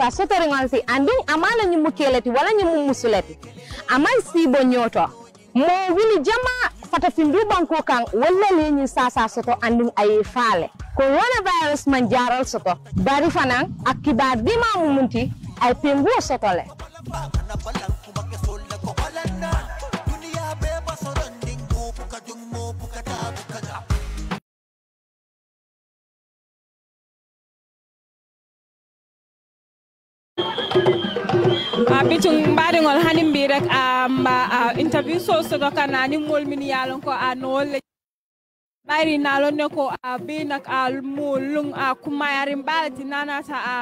ta sotorinŋol si andin amala ñiŋ mu keleti wala ñiŋ mu musuleti amaŋ siibo ñoto mo wuli jama fatafindu banko kaŋ walla le ñiŋ sasa soto andin a ye faale coronavirus man jaral soto bari fanaŋ a kibaar dima mumunti a ye penguo soto le ɓicum mbaɗigol hanim mbi rek a mba interview sosoɗo kana ni molmini yalon ko a no wolle ɓayri nalo ne ko a binak a mulung a kumayari mbalati nanata a,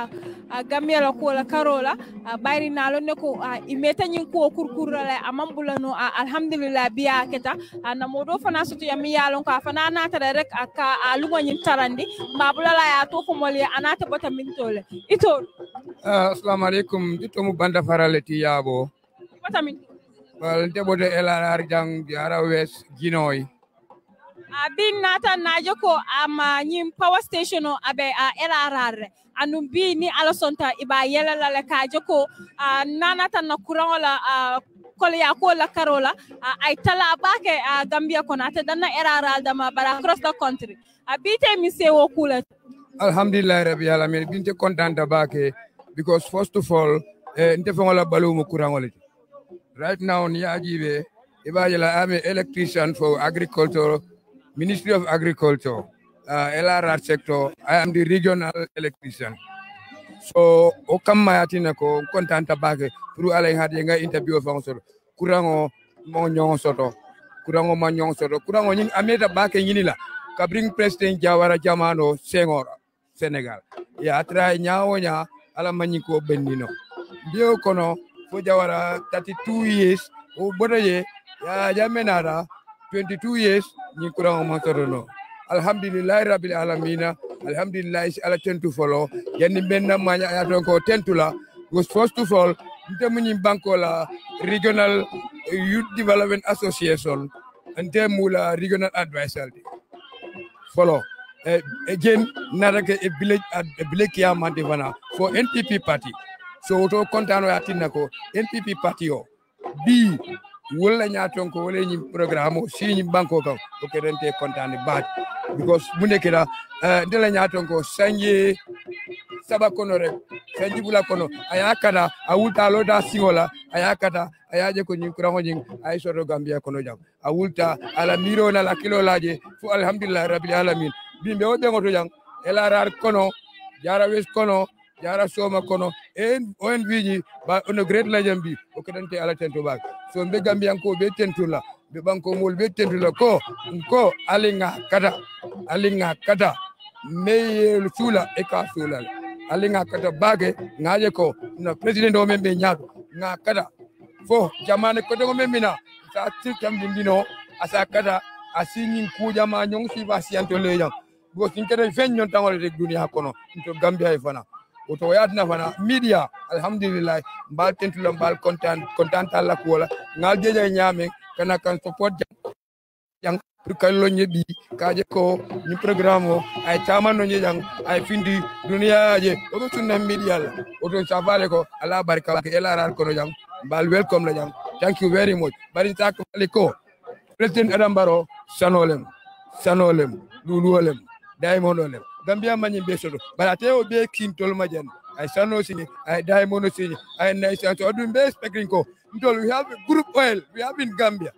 a gamyala kola karola a ɓayri nalo ne ko a imetañin kuwo kurkurrala a mambulano a alhamdulillah biya keta a namoɗo fana soto yami yalon ko a fana natara rek a ka a lugoñin tarandi mbabulala ya to komol a nata bota mintole itol uh, ah, assalamu aleykum ɗittomu banda farale ti yaabo bota min wal nte ɓote elanar jang jara wes guinoy abin nata naje ko ama nyim power station o abe a erarare anum bi ni alasonta iba yela la le kaje ko nana tan na kuran la kolya ko la karola ay tala bake a gambia konate dan na erarare dama bara across the country abite mi se wo kula alhamdulillah rabbi alamin binte contenta bake because first of all eh, balu fongola balumu kurangole right now ni ajibe iba yela ame electrician for agriculture Ministry of Agriculture, uh, LRR sector. I am the regional electrician. So o kam mayatina ko kontanta bake pour alay hadi nga interview fa so kurango mo nyong soto kurango ma nyong soto kurango nying ameta bake nyini la kabring president jawara jamano senghor senegal ya atra nyaawo nya ala manyi ko bendino bio kono fo jawara 32 years o bodaye ya jamenara 22 years ñin kurang masarono alhamdulillahi rabbil alamina alhamdulillahi si ala tentu folo yanni benna maña ayaton ko tentula was first of all nte muñin banko la regional youth development association nte mula regional advisor di folo uh, again narake e village at village kiyamante fana for npp party so to kontano yatinna ko npp party o bi wolla ñaton ko wala ñim programme o si ñim banko ko ko kedente contane baat because mu nekira uh, eh, ndela ñaton ko sanje saba kono rek sanji bula kono aya kada a wulta lo da singola aya kada aya je ko ñiŋ kuraŋo ñiŋ ay ye soto gambiya kono jam a wulta ala miro na la kilo laje fu alhamdulillahi rabbil alamin bimbe wo ɓeŋoto jang elarar kono jara wes kono jara soma kono en on wiñi ba ono great lajam bi o kedante ala tento bak so be gambiyanko be tentula be banko mol be tentula ko ko alinga kata alinga kata meyel sula e ka sula alinga kata bage ngaje ko na president o men be nyaado nga kata fo jamane ko dogo men mina sa ti kam dindino asa kata asinyin kujama nyong si ba sianto leyam go sin kede fen nyon tangol rek dunia kono to gambia e fana woto yadna fana media alhamdulillah mbal tentula mbal content content alla kola ngal jeje nyame kana kan support jang kallo nyebi kaje ko ni programme o ay taman no nyejang ay findi dunia je o tunna media la woto savale ko ala barka ke ela rar kono jang mbal welcome la jang thank you very much bari tak ko president adam baro sanolem sanolem lulolem diamond olem gambia mañi be soto bara be be kintol majen. ay sano sini ay mono sini ay nation so dum be speaking ko ndol we have group oil we have in gambia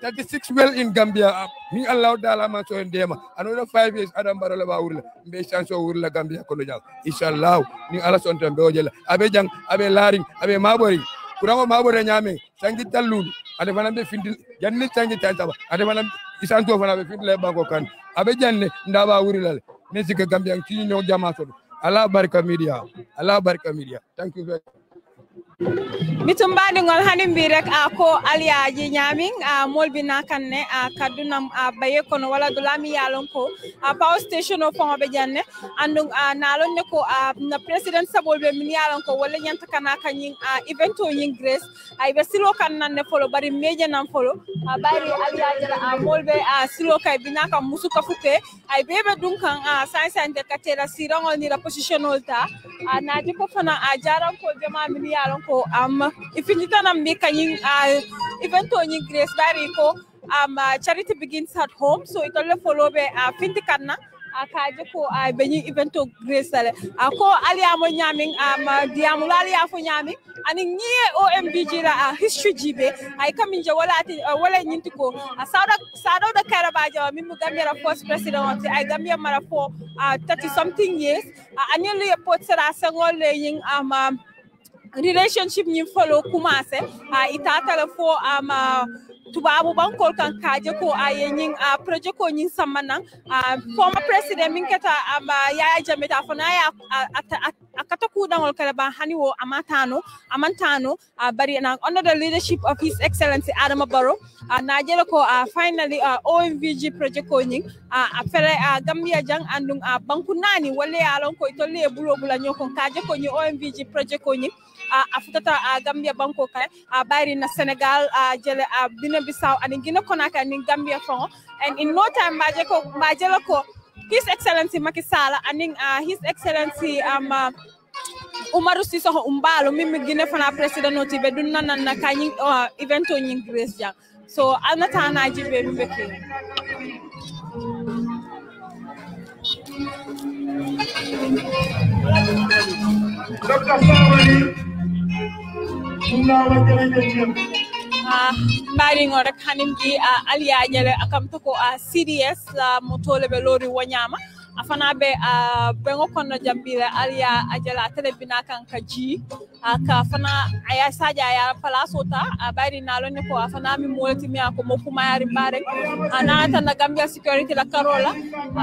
36 well in gambia mi allah dala man so ndema anoda 5 years adam barola ba wurla be chanso wurla gambia ko no jaw inshallah ni ala son tan be jela abe jang abe laring abe mabori kurango mabori nyame sangi talun, ade fana be findil janni sangi taba ade fana isanto fana be findil banko kan abe janne ndaba wurila Music Gambian, Kino Jamaso. Allah Barika Media. Allah Barika Media. Thank you very much. bitum baɗi hani mbi rek a ko aliyaji ñamin a molbina kan ne a kadunam a baye kono wala dulami yalon ko a power station o fongo ɓe janne andum a nalon ne ko a na président sabol ɓe min yalon ko walla ñanta kana kañin a event o ñin grace a ɓe silo kan nanne folo bari meje nan folo a ɓayri aliyajira a molɓe a silo kay bina kam musuka fuppe ay ɓeɓe ɗum kan a sain sain tel katera sirangol nira position ol ta a naji ko fana a jarankol jama min yalon ko Um, if you need na make yin event on yin grace bari ko um uh, charity begins at home so it only follow be a uh, fintikan na akaje uh, ko a benyi event o grace ale ako ali Amonyami. nyamin am diamu lali afo nyamin ani nye OMBG la a history jibe ay kamin je wala ati wala nyinti ko a sauda sauda da karabaje min mu gambia la first president of ay gambia mara for 30 something years anyo le pot sera sangol le yin am um, um relationship ñim falo commencé a itatala fo ama tubabu bankol kan kaje ko a yeñin a projet ko ñin sammanan a former president min keta ama yaya jame ta fana ya a kata kuɗangol kala ba hani wo amatano amantano a bari na under the leadership of his excellency adama baro a najele ko a finally a omvg projet ko ñin a a a gambia jang andun a banku nani walle yalon ko itolle bulo bula ñokon kaje ko ñi omvg projet ko ñin a futata a gambia banko kala a bayri na senegal a jele a bine bisaw ani gina konaka ni gambia fongo and in no time maje ko majela ko his excellency Macky Sall aning uh, his excellency um uh, Umaru Sisoho Umbalo mimi gine fana president noti be dunna nan na kanyi uh, evento nyin Grace Jang so anata na jibe mbeke Dr. Sawali Uh, ah, mbari ngol rek hanin gi uh, ah, aliyaje le akamto ko uh, ah, CDS la motole be lori wanyama a fana bɛ a ah, bɛnkɔ kɔnɔ jambira aliya ajala a jala bina kan ah, ka ji a ka fana a saja a y'a fala sota a ah, b'a di nalo ne ko a fana mi moleti mi a mo kuma yari bare a n'a ta na gambia security la karo la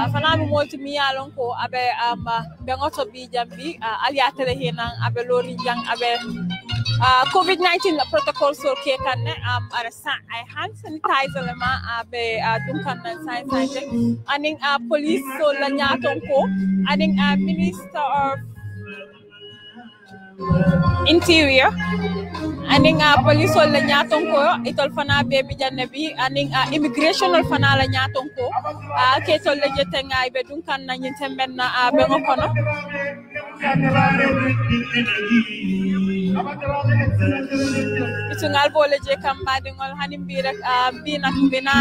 a fana mi moleti mi a lɔn ko a bɛ a ma bi jambi aliya tele tɛlɛ hinan a bɛ lori jang a Uh, covid 19 protocols so ke kanne um i hand sanitizer le ma abe uh, uh, dum kanne sign sign aning a police so la nyaton ko aning a minister of interior aning a police ol la nyaton ko itol fana be bi janne bi aning immigration ol fana la nyaton ko a ke tol la jete ngai be dun kan na temben na be ngokono itungol boleje kam mbaɗigol hani mbira mbinak mbina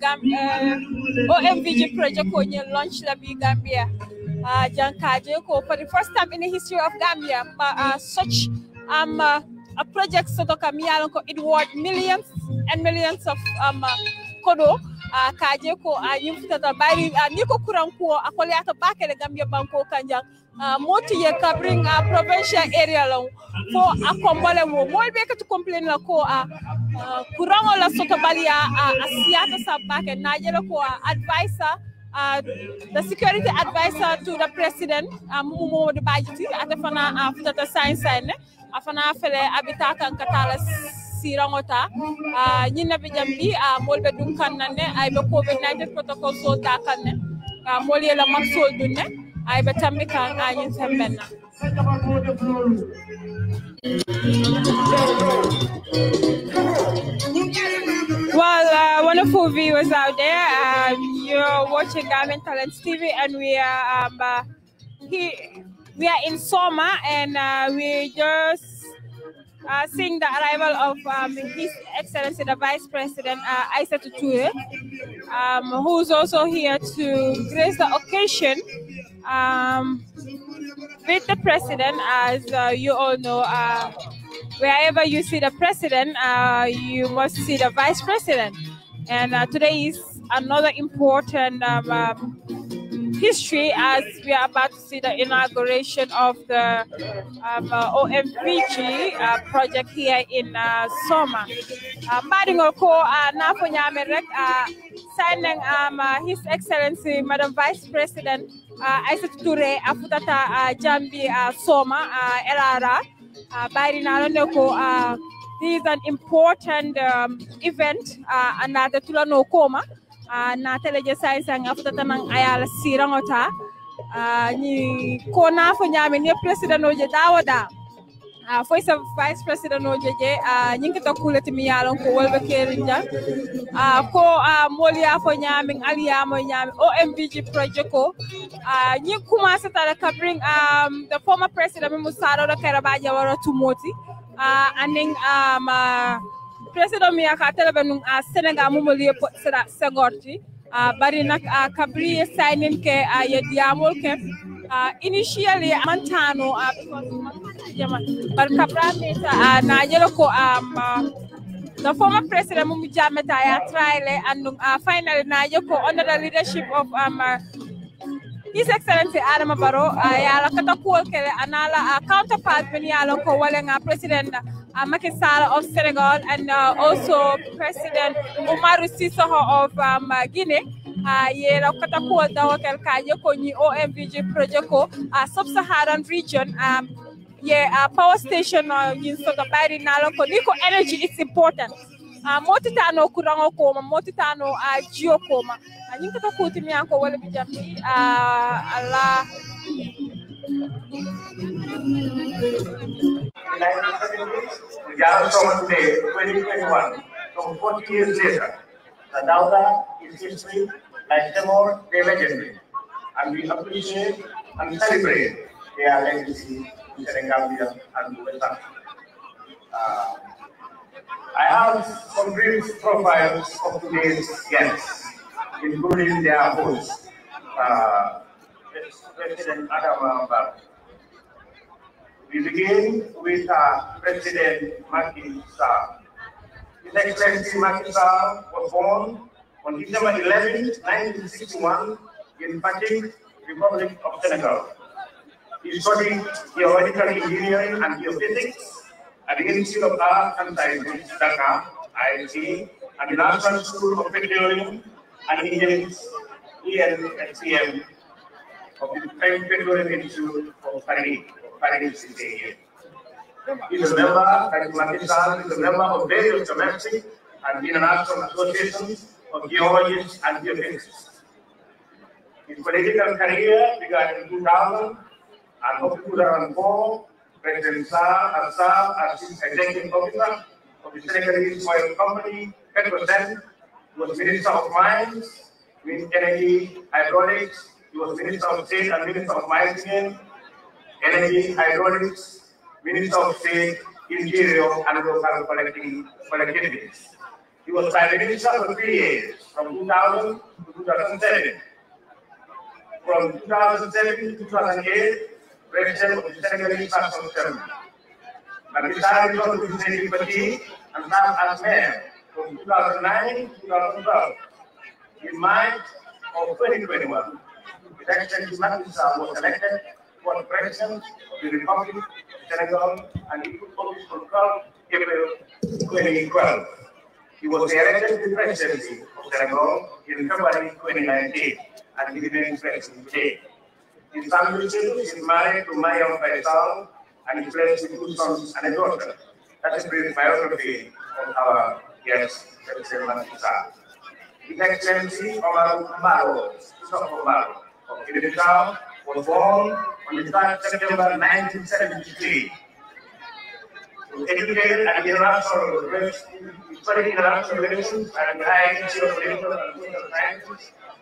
gam omv ji projet koñel launch laɓi gambia jankaje ko for the first time in the history of gambia uh, such um, uh, a project soto kam yalon ko it worth millions and millions of um, uh, koɗo uh, kaje ko a uh, yimfutata bari uh, ni ko a kolyata bakele gambia banko kanjang uh, ye covering a uh, provincial area long for a kombole wo mo be ka to complain la ko a uh, uh, kurango la soto balia a uh, asiata sa bake na yelo ko a advisor uh, the security advisor to the president mo de bajiti atafana a futata science sign afana fele abita kan katala sirangota nyina be jambi a molbe dum kanne ay be covid 19 protocol so takanne molye la maxol dunne ay ba tambi kan ayun semben well, uh, wonderful viewers out there, um, you're watching Garment Talents TV, and we are um, uh, he, we are in summer, and uh, we just uh, seeing the arrival of um, His Excellency the Vice President uh, Issa um, who's also here to grace the occasion um, with the President. As uh, you all know, uh, wherever you see the President, uh, you must see the Vice President. And uh, today is another important um, um history as we are about to see the inauguration of the um, uh, OMVG uh, project here in uh, Soma. Uh, Madingo ko uh, nafo nyamerek uh, signing um, His Excellency Madam Vice President uh, Isaac Toure afutata Jambi Soma Erara. Bari nalone ko this is an important um, event uh, another tulanokoma. koma. uh, na teleje saisanga futata nan ayala sirangota ah, ni ko na fo nyami ne president oje dawo da a ah, foi sa vice president oje je uh, nyinga to kulati mi yalon ko wolbe kerinja A ko a moli ya fo nyami aliya mo nyami OMBG project ko a nyi kuma sa tala ka bring um, the former president Musa da karaba Jawara tumoti Moti aning and then um, uh, président mi ka telebe num a ah, sénégal mumol ye seɗa segorti a ah, bari nak a ah, kabri ye ke a ye diamol ke a initially mantano a par kabra meta a na yelo ko a the former president mumu jameta ya tried and uh, finally na yeko under the leadership of um, uh, His Excellency Adama I am kata kuol kele anala uh, counterpart ben yala ko President uh, Macky Sall of Senegal and uh, also President Umaru Sissoho of um, uh, Guinea I uh, kata the dawa kel kaje ko OMVG project a uh, sub-Saharan region um, yeah, power station uh, in Sotobari Naloko. Nico energy is important a ah, moti tano kurango koma moti a ah, jio koma ah, kuti mi anko a ala eh, 2021, so 40 years later, the Dauda is history and Timor they legendary. And we appreciate and celebrate their legacy in Senegambia and West Uh, I have some brief profiles of today's guests, including their host, uh, President Adam Barrow. We begin with uh, President Macky Sall. His Excellency Macky Sall was born on December 11, 1961 in Patik, Republic of Senegal. He studied theoretical engineering and geophysics అధిక శిక్షిత పదార్థంత ఖచ్చితంగా IIT and national school of petroleum and ENNCM of the Petroleum President Saab and Saab as Chief Executive Officer of the Senegalese Oil Company, Petrosen. He was Minister of Mines, with Energy, Hydraulics. He was Minister of State and Minister of Mines again, Energy, Hydraulics, Minister of State, Interior and Local collecting, Collectivities. He was Prime Minister for three years, from 2000 to 2007. From 2007 to 2008, Rachel secondary class of Germany. But decided to and serve as mayor from 2009 to 2012. In March of 2021, was elected for president of the Republic of Senegal and he took office 12 April 2012. He was elected to the presidency of Senegal in February 2019 and he remains president today. His family is married to Maya Faisal and he plays with two sons and a daughter. That is brief biography of our guest, Captain Matisa. His Excellency Omar Maro, Christopher Maro, of Kidibitao, was born on the 3rd September 1973 educated at the International Relations and High Institute of Political and Social Sciences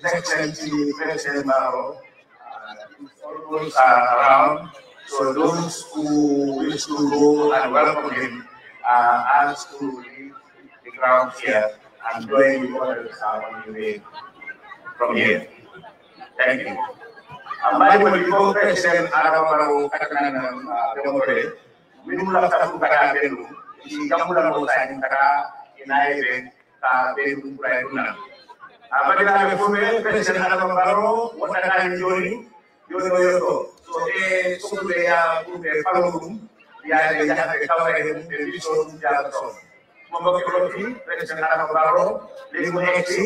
His Excellency President Mao are around. So those who wish to go and welcome him are asked to leave the ground here and join others on the way from here. Thank you. ambaye president arawaro bandiraɓe fof ɓe pecciten adama mbaro woɗɗatani joni joni o yotto so ɓe sohluɓe ya ɗum ɓe falo ɗum yaade jaha ɓe tawa e ɗum ɓe mbiso ɗum jaaga toon mombake ɗofi pecciten adama mbaro leydi mo hecti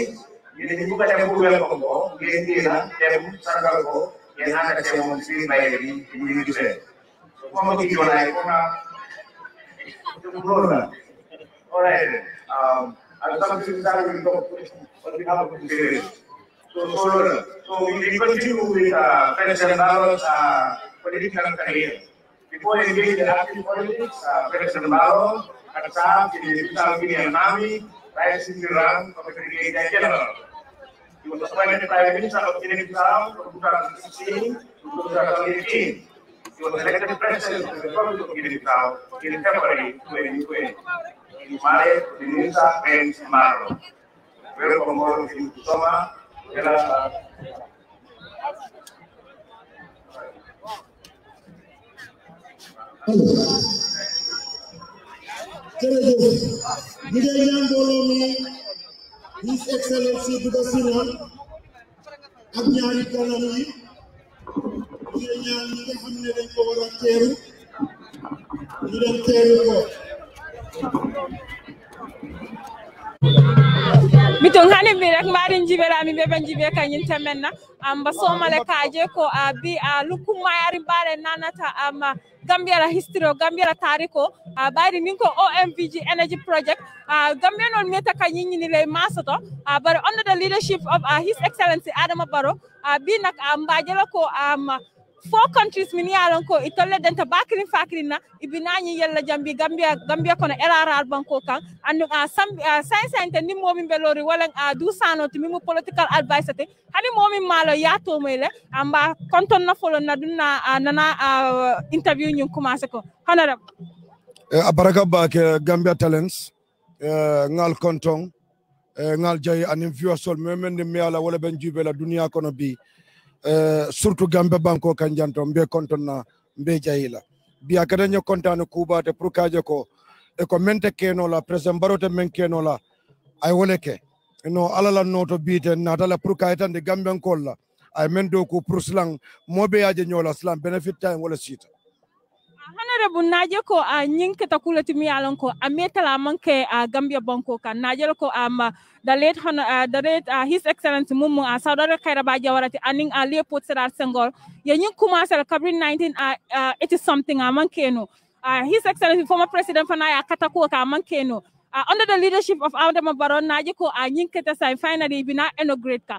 yini bukata kuwel ko ko ngeen ndina tem sargal ko yen anda te mom fi baye bi ni jufé ko mo ki jona ko na ko lolu la all right um and something that will go on behalf of the parents. So, so, so we continue with uh, President Barrow's uh, political career. Before engaging in active politics, uh, President Barrow had served in the Salvinian Army, rising the rank of Brigadier General. He was appointed Prime Minister of Guinea-Bissau from 2016 to 2018. He was elected President of the Republic of Guinea-Bissau in February 2020. animales utiliza pens marro. Pero con modo sintoma de la... jërëjëf bu dee ñaan mbooloo mi His Excellency bi da sina ak ñaari kanam yi bu dee ñaan ñi nga xam ne dañ ko war a teeru ñu dem teeru ko bitum hanim bi rek marin jibe rami be ban jibe kanyin temenna amba so malakaje ko abi a lukum mayari bare nanata gambia la history gambia la tariko a bari ninko omvg energy project a gambia non meta kanyin ni le masoto a bare under the leadership of uh, his excellency adama baro a bi nak amba jela ko ama um, four countries min yalan ko e tolle den to bakirin fakirin na e binañi yella jambi gambia kono eraral banko kan andum a ah, sambi a ah, sainsainte ni momin ɓelori walan a ah, dusano to mimo political advice te hani momin maalo yatomoyle amba konton nafolon na ɗum na nana interview ñum commencé ko honorable eh, a baraka bake eh, gambia talents eh, ngal konton ngal jayi anin viewasol memen ndi miyala wala ɓen juuɓe la duniya kono bi Eh, surtout gambe banko kan janto mbe kontonna mbe jayila biya kada nyo kontano kubate pour kaje ko e ko mente kenola president barote men kenola ay woleke no la noto biite natala pour kaytande gambe kolla ay men do ko pour slang mobe yaje nyola slang benefit time wala sita honorable naje ko a ah, nyinke takula timi yalon ko a ah, metala manke a ah, gambia banko kan naje ko am the late uh, the late uh, his excellency mumu a saudara khairaba jawarati aning a leopold sedar sengol ye nyin commencer kabri 19 a uh, it something a manke no uh, his excellency former president fana ya katako ka manke no uh, under the leadership of Adama Baron Najiko, uh, Nyinketa Sai, finally, Bina inaugurate ka.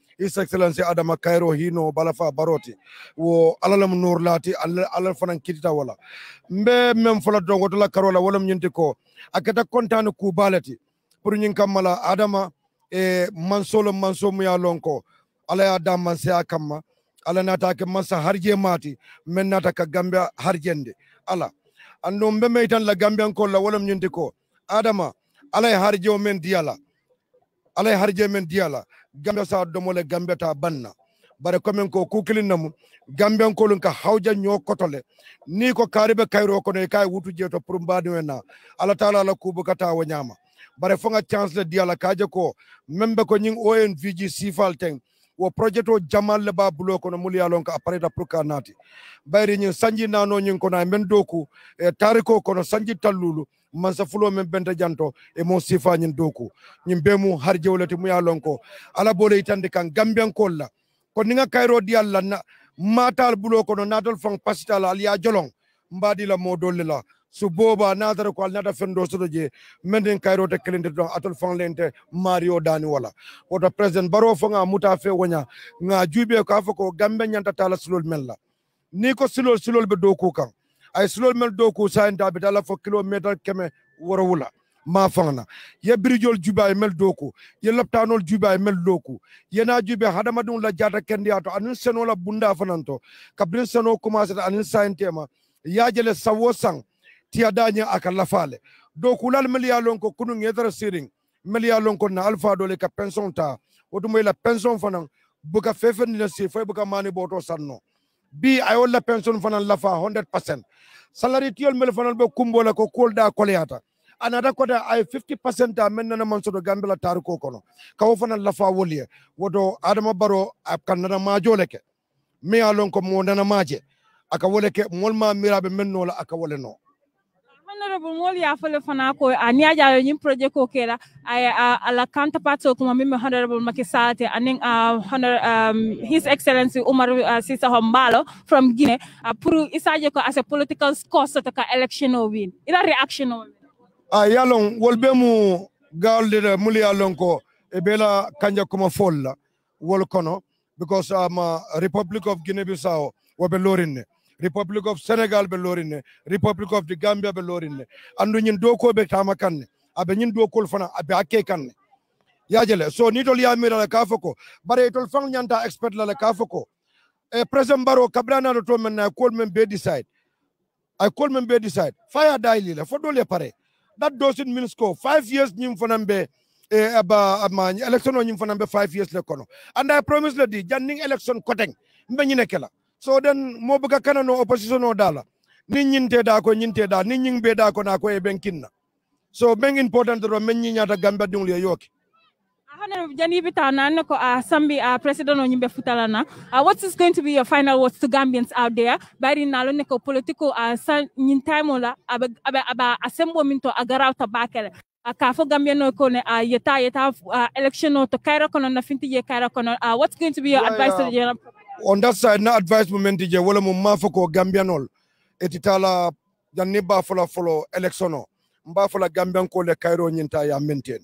his excellency adama kairo hino balafa baroti wo alala mu nur lati alal fanan kitita wala mbe mem fola dongo to la karola wala nyinti ko akata kontane ku balati pour nyin kamala adama e mansolo manso ya lonko ala ya da manse akamma ala nata ke masa harje mati men nata ka gambia harjende ala ando mbe meitan la gambian ko la wala nyinti ko adama ala harje men diala ala harje men diala gambe sa domole gambe ta banna bare komen ko kukilin namu gamben kolun ka hawja nyo kotole ni ko karibe kayro ko ne kay wutu jeto pour mbadi wena ala taala la kubu kata wanyama bare fonga chance le diala kaje ko membe ko nying ONVG sifal teng wo projet o jamal le bablo ko no muli ka apareta da pour kanati bayri nyin sanji nano nyin kono men doku e tariko no sanji talulu mansafulo men benta janto e mo sifa nyin doku nyin be mu har jewlati mu ya ala bole itande kan gambian kolla ko ninga kayro di alla na matal bulo ko no natol fang pasital al ya jolong mbadi la mo la su boba natara ko al nata fendo soto je menden kayro te kelinde don atol fang lente mario dani wala woto president baro fanga muta fe wonya nga jube ko afako gambe nyanta tala sulol mella ni ko sulol sulol be doku kan a ye silol men do ko sayin da a la fɔ kilometre kɛmɛ wɔrɔw ma fangana ye birijol jube ye mel do ye laptanol jube ye mel do ye na jube hadamadenw la jata kendeya to anin seno la bunda fananto to kabini seno commenceta anin sayin tema yajele sawo sang tiya dañe aka lafale do kulal mel ya lon ko kunu ngedara siring mel ya lon ko na alfa dole ka pension ta wotumoy la pension fanan buka fefendina si foy buka mani boto sanno bi ay wala pension fanan lafa 100% salary tiyol mel fanan be kumbo la ko kolda kolyata anata kota ay 50% ta men na man soto gambela taru ko kono kawo fanan lafa woliye wodo adama baro kanana majole ke mi alon ko mo nana maje aka wole mol ma mirabe men no la aka wole no honorable Molly ya fanako fana ko ani project Okera, I ay ala counterpart ko mami me honorable makisate and then honor um, his excellency umar uh, sisa hombalo from guinea a pour Isajako as a political cost to the election of win ila reaction o a Yalong, wolbe mu galde mul yalon ko e kanja kuma folla wol because I'm um, a uh, republic of guinea bissau Wabelorine. republic of senegal belorine, republic of the gambia belorine, lorinne andu ñin dokoɓe tama kanne aɓe ñin dokol fana aɓe hakke kanne yajele so ni ya mira la fo ko bare tol fan ñanta expert la ka fo e present baro kabranano to men na kol men be decide ay kol men be decide faya daylila fo dole pare that dosin minsko five years ñim fanan be e aba ma election o ñim fanan be five years le kono and i promise le di janning election koteng mbe ñine kela so then, mo buka kana no opposition o dala nin nyinte da ko nyinte da be da ko eh, na ah, ko e so beng important ro men nyinya ta gamba dum yoki hana jani bita na ko a sambi a ah, president o nyimbe futala na ah, what is going to be your final words to Gambians out there bari na lo ne ko politiko a san abe time la aba aba asembo min agara ta bakele ka fo gambia no ko ne a yeta yeta election no to kaira kono na finti ye kaira kono what's going to be your advice to the general on that side na advice moment je wala mo ma fako gambianol etitala janne ba fola folo election o mba fola gambian ko le cairo nyinta ya maintain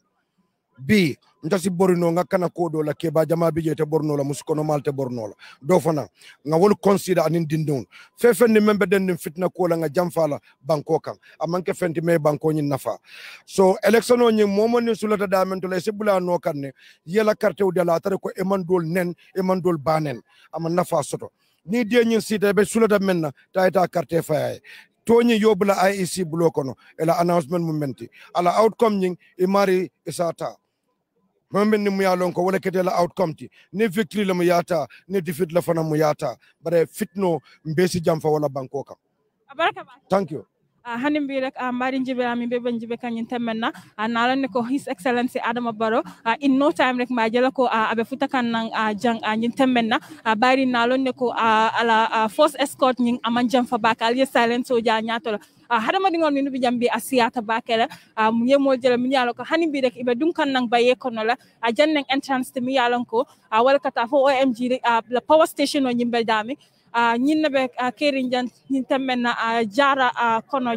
bi ntasi borino nga kana koɗola keba jamabije te bornola musikono malte bornola do fana nga wol consida anin dindiun fefenni membe denndin fitna kola nga jamfala banko kan amanke fenti mai bankoñin nafa so élection o ñin momonnin sulata damentola e sibbulano kanne yela cartewdela tata ko emandol nen emandol banen ama nafa soto ni de ñin sitaɓe sulata menna tayita carte fayaye toñi yobula aec bulo kono ela annonce men mumenti ala outcome ñin e mari isata momin ni mu ya lon ko wala kete la outcome ti ni victory la mu yata ni defeat la fana mu yata bare eh, fitno mbesi jam fa wala banko kam thank you hanim bi rek ah, mbaari njibirami bebe njibe kanyin temenna ah, nalan ko his excellency adama baro ah, in no time rek ma jela ko abe futakan nang jang nyin temenna bari nalan ko ala force escort nyin aman jam fa bakal ye silent soja nyatolo hadama dingon ni nubi jambi asiyata bakela mu yemo jela mi yalo ko hanim bi rek ibe dum kan nang baye kono la janneng entrance te mi yalon ko wala kata fo omg la power station o nyimbel dami jan ah, jara ah, ah, kono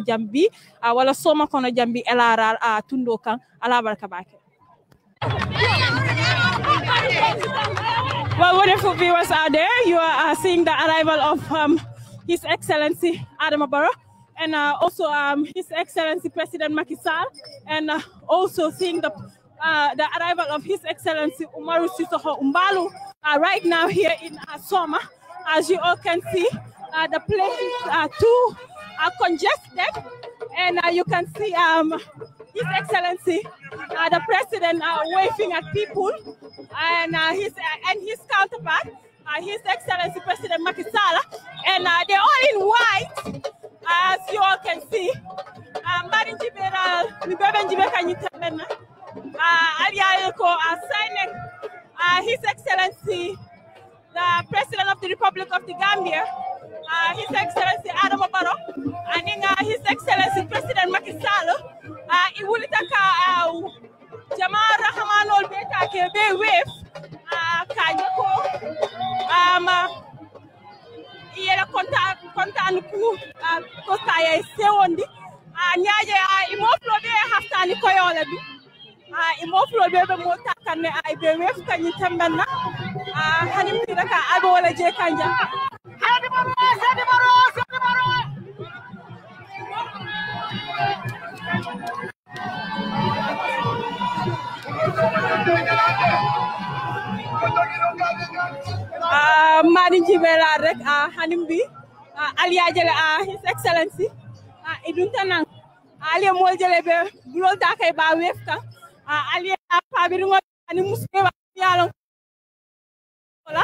kono tundo kan bake Well, wonderful viewers out there, you are seeing the arrival of um, His Excellency Adam Barrow and uh, also um, His Excellency President Macky Sall, and uh, also seeing the uh, the arrival of His Excellency Umaru Sissoho Umbalu right now here in uh, Soma. As you all can see, uh, the places are too are uh, congested, and uh, you can see um, His Excellency, uh, the President, uh, waving at people, and uh, his and his counterpart, His Excellency President Macky Sall, and they're all in white, as you all can see. Mari um, Jibera, Mbebe Njibeka Nyitamena, Ariel signing His Excellency the President of the Republic of the Gambia, uh, His Excellency Adam Barrow, and then, uh, His Excellency President Macky Sall, uh, will uh, uh jamaa rahamanol beta ke be wave uh, kaje ko um uh, konta konta uh, sewondi a a imoflo be haftani koyola bi Ah, imoflo be be mota kanne ay be wef kanyi tambanna ah, hanim tira ka abe wala je kanja hadi baro hadi baro hadi baro ah, mani jibela rek hanim bi aliyajele his excellency idun tanan aliya mo jele be bulol takay ba wef kan a ah, aliye a pabiri ngo ani muske wa yalo la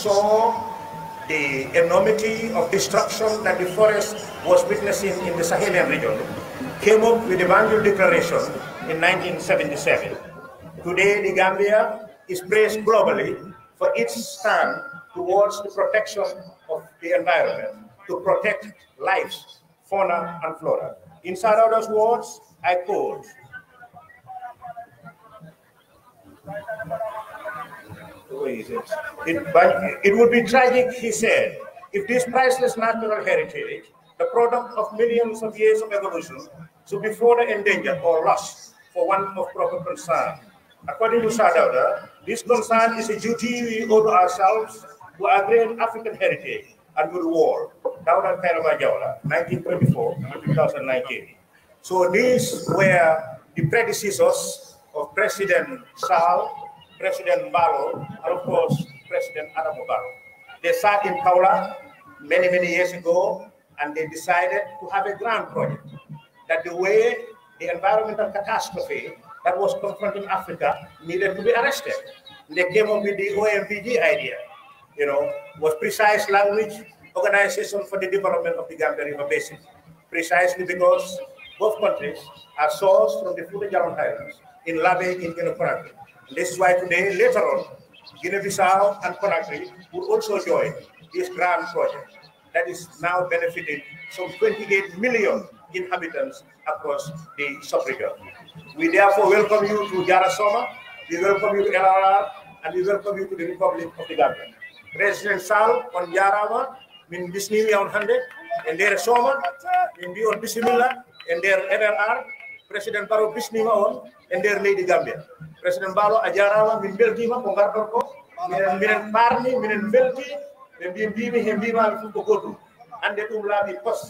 saw the enormity of destruction that the forest was witnessing in the Sahelian region, came up with the Banjul Declaration in 1977. Today, the Gambia is praised globally for its stand towards the protection of the environment, to protect lives, fauna, and flora. In Sarada's words, I quote, it, but it would be tragic, he said, if this priceless natural heritage, the product of millions of years of evolution, should be further endangered or lost for want of proper concern. According to Sadauda, this concern is a duty we owe to ourselves, to our great African heritage and good war. Dauda Kairamajaula, 1924 2019. So these were the predecessors of President Sal. President Barrow, and of course, President Adamu Barrow. They sat in Kaula many, many years ago, and they decided to have a grand project. That the way the environmental catastrophe that was confronting Africa needed to be arrested. they came up with the OMPG idea, you know, was precise language organization for the development of the Gambia River Basin, precisely because both countries are sourced from the Fujian Highlands in Labe in Guinea this is why today, later on, Guinea-Bissau and Conakry will also join this grand project that is now benefiting some 28 million inhabitants across the sub-region. We therefore welcome you to Yara Soma, we welcome you to LRR, and we welcome you to the Republic of the Gambia. President Sal on Yarawa, min Bisnimi on Hande, and there Soma, min Bion Bismillah, and there LRR, President Baro Bisnima on, ender leydi gambia president balo a jarama min beltima ko gardor ko minen minen parni minen belti ɓe mbi mbimi he mbimami fof ko goɗɗum ande ɗum laaɓi pos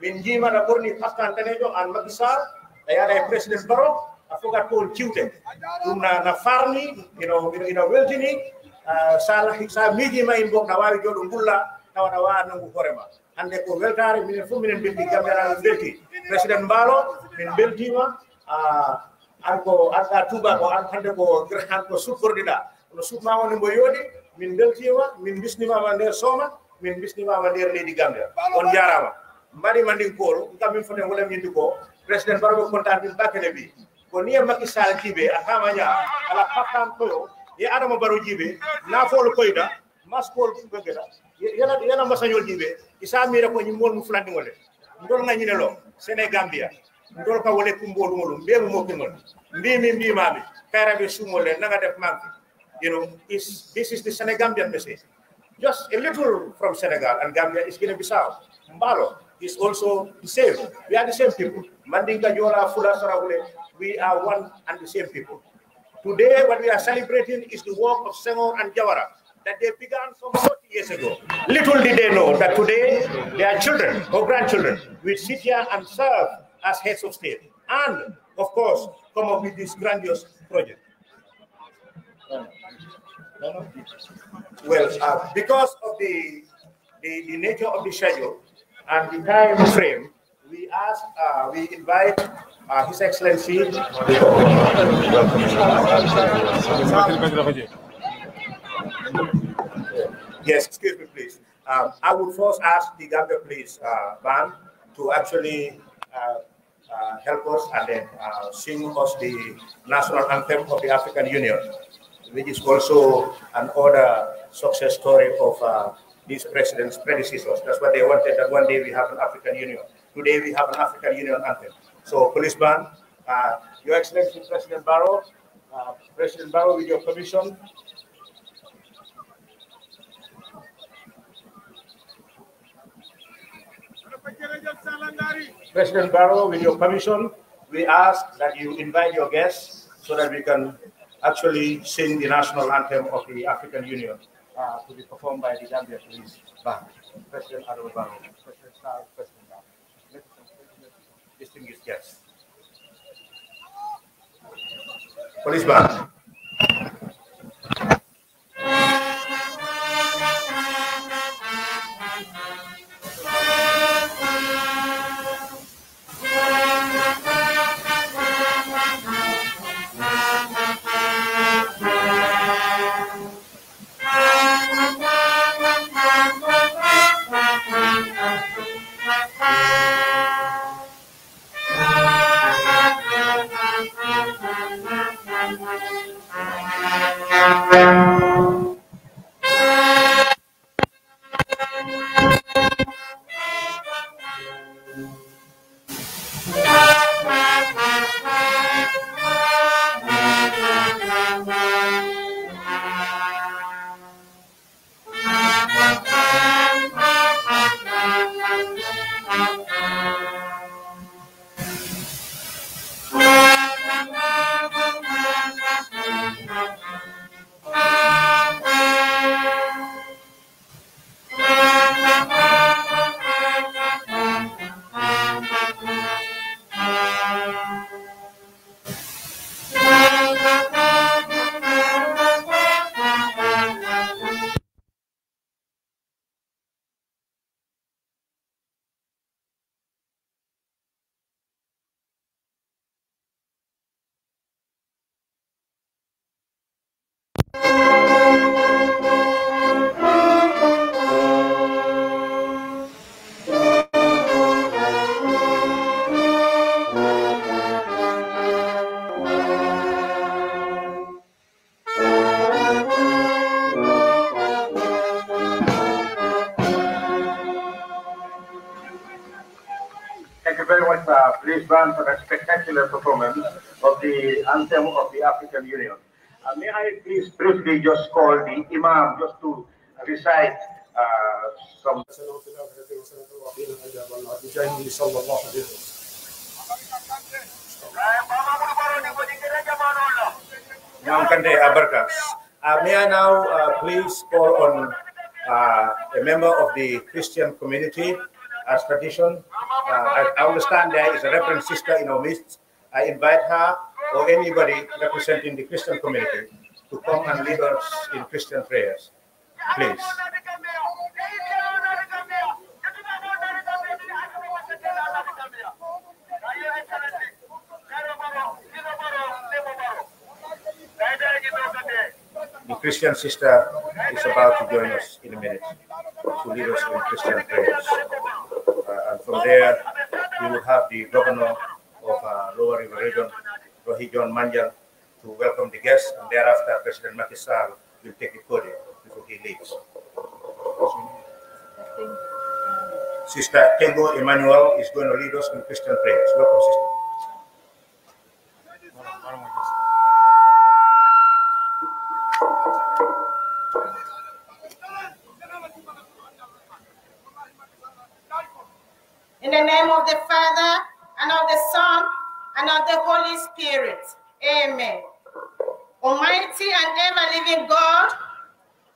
min jimana ɓorni pastan tanejo an makky sar a yaada e président baro a fogat ko on ciwte ɗum na farni ino ino weltini sa miijima in bom na wawi jooɗo gulla tawa na wawa nangu hoore ma hande ko weltare minen fof minen belti gambiyanaɓe belti président mbaalo min beltima arko arka tuba ko ar hande ko gerhan ko sukur dida ono sufma woni mbo yooɗi min beltima min bisnimama der soma min bisnimama nder leydi gambia on jarama mari mandi ko kam min foten wala min ko president barbo kontar min bakale bi ko niya makki sala tibe a nya ala fakam to ye adama baro jibe na fol mas ko nafoolo koyda maskol ɓegeta yana yana masañol jibe isa mira ko ni mol mu flandi wala ndol ñi ne lo senegambia ndol ka wole kumbolu ngol mbemu mokingol mbimi mbimami karabe sumole naga def manki you know is this is the senegambian message just a little from senegal and gambia is gonna be south mbalo is also the same we are the same people mandinga jola fula sarawule we are one and the same people today what we are celebrating is the work of senghor and jawara that they began some 40 years ago. Little did they know that today their children or grandchildren will sit here and serve as heads of state and, of course, come up with this grandiose project? Well, uh, because of the, the, the, nature of the schedule and the time frame, we ask, uh, we invite uh, His Excellency. Yes, excuse me, please. Um, I would first ask the Gambia Police uh, Band to actually uh, uh, help us and then uh, sing us the national anthem of the African Union, which is also another success story of uh, these president's predecessors. That's what they wanted, that one day we have an African Union. Today we have an African Union anthem. So, policeman, uh, Your Excellency President Barrow, uh, President Barrow, with your permission, President Barrow, with your permission, we ask that you invite your guests so that we can actually sing the national anthem of the African Union uh, to be performed by the Gambia Police Band. President Adol Barrow, President President Barrow, distinguished guests. Police Band. spectacular performance of the anthem of the African Union. Uh, may I please briefly just call the Imam just to recite uh, some. Imam Kande Abarkas. Uh, uh, may I now uh, please call on uh, a member of the Christian community as tradition I, uh, I understand there is a Reverend Sister in our midst. I invite her or anybody representing the Christian community to come and lead us in Christian prayers. Please. The Christian sister is about to join us in a minute to lead us in Christian prayers. from there, we will have the governor of uh, Lower River Region, Rohijon John to welcome the guests, and thereafter President Makisar will take the podium before he leaves. Sister Tego Emmanuel is going to lead us in Christian prayers. Welcome, sister. In the name of the Father, and of the Son, and of the Holy Spirit. Amen. Almighty and ever living God,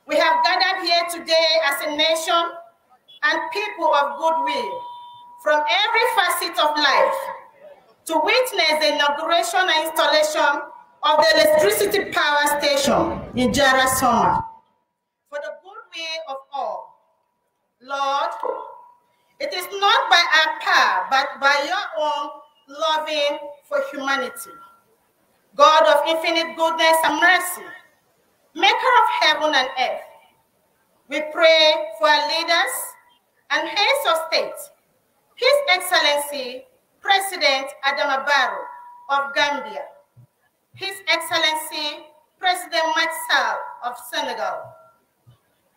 we have gathered here today as a nation and people of goodwill from every facet of life to witness the inauguration and installation of the electricity power station in Jarasoma for the goodwill of all. Lord, it is not by our power, but by your own loving for humanity. God of infinite goodness and mercy, maker of heaven and earth, we pray for our leaders and heads of state, His Excellency President Adama Barrow of Gambia, His Excellency President Macky Sall of Senegal,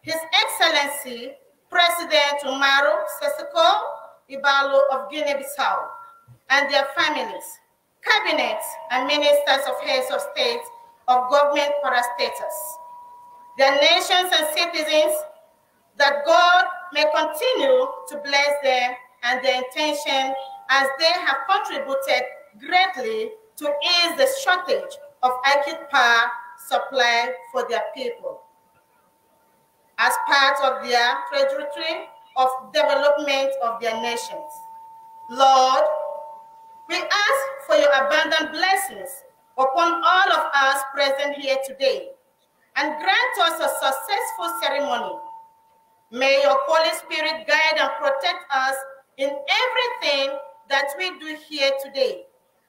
His Excellency President Umaru Seseko Ibalo of Guinea-Bissau and their families, cabinet and ministers of heads of state of government status, their nations and citizens, that God may continue to bless them and their intention as they have contributed greatly to ease the shortage of acute power supply for their people as part of their trajectory of development of their nations. Lord, we ask for your abundant blessings upon all of us present here today and grant us a successful ceremony. May your Holy Spirit guide and protect us in everything that we do here today.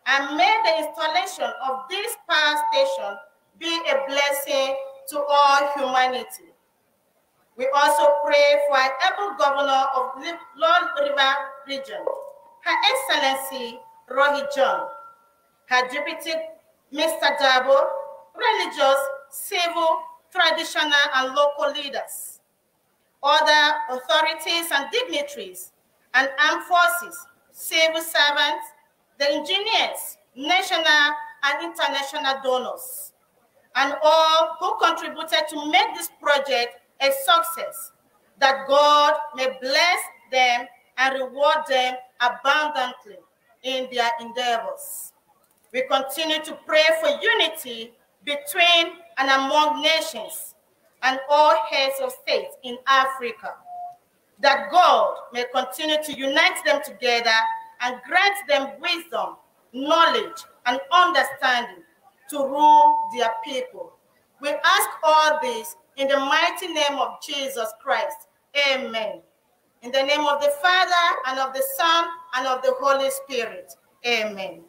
And may the installation of this power station be a blessing to all humanity. We also pray for our able governor of Long River Region, Her Excellency Rohi John, her deputy Mr. Dabo, religious, civil, traditional, and local leaders, other authorities and dignitaries, and armed forces, civil servants, the engineers, national and international donors, and all who contributed to make this project a success, that God may bless them and reward them abundantly in their endeavors. We continue to pray for unity between and among nations and all heads of states in Africa, that God may continue to unite them together and grant them wisdom, knowledge, and understanding to rule their people. We ask all this in the mighty name of Jesus Christ. Amen. In the name of the Father, and of the Son, and of the Holy Spirit. Amen.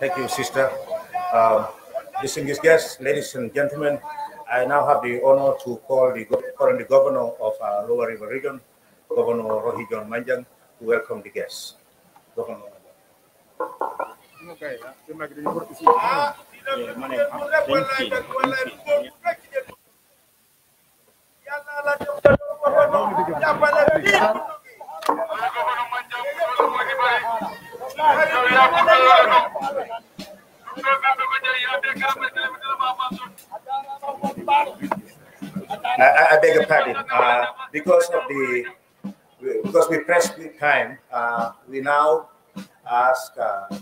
Thank you, Sister. Um, distinguished guests, ladies and gentlemen, I now have the honor to call the, current governor of our uh, Lower River region, Governor Rohijon Manjang, to welcome the guests. Governor. I, beg your pardon. Uh, because of the because we pressed the time, uh, we now ask. Uh,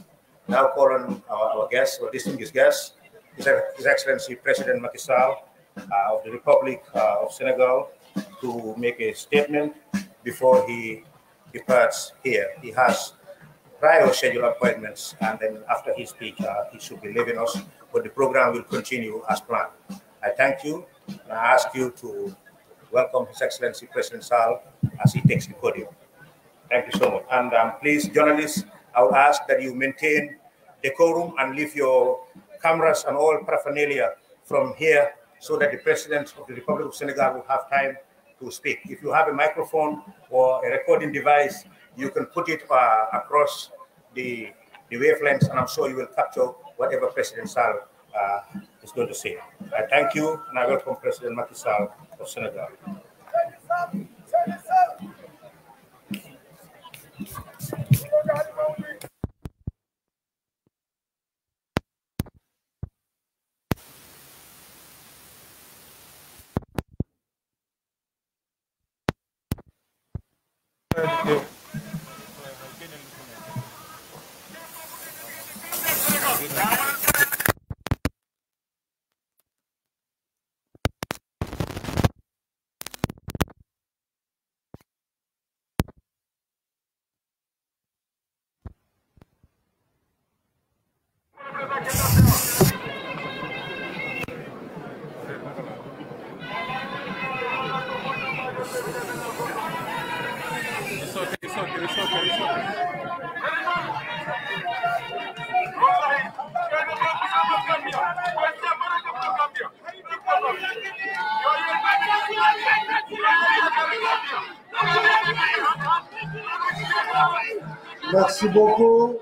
now call on our, our guest, our distinguished guest, His, His Excellency President Macky Sall uh, of the Republic uh, of Senegal to make a statement before he departs here. He has prior scheduled appointments, and then after his speech, uh, he should be leaving us, but the program will continue as planned. I thank you, and I ask you to welcome His Excellency President Sall as he takes the podium. Thank you so much. And um, please, journalists, I would ask that you maintain decorum and leave your cameras and all paraphernalia from here so that the President of the Republic of Senegal will have time to speak. If you have a microphone or a recording device, you can put it uh, across the, the wavelengths and I'm sure you will capture whatever President Sall uh, is going to say. I thank you and I welcome President Macky Sall of Senegal. Turn Thank you. Merci beaucoup.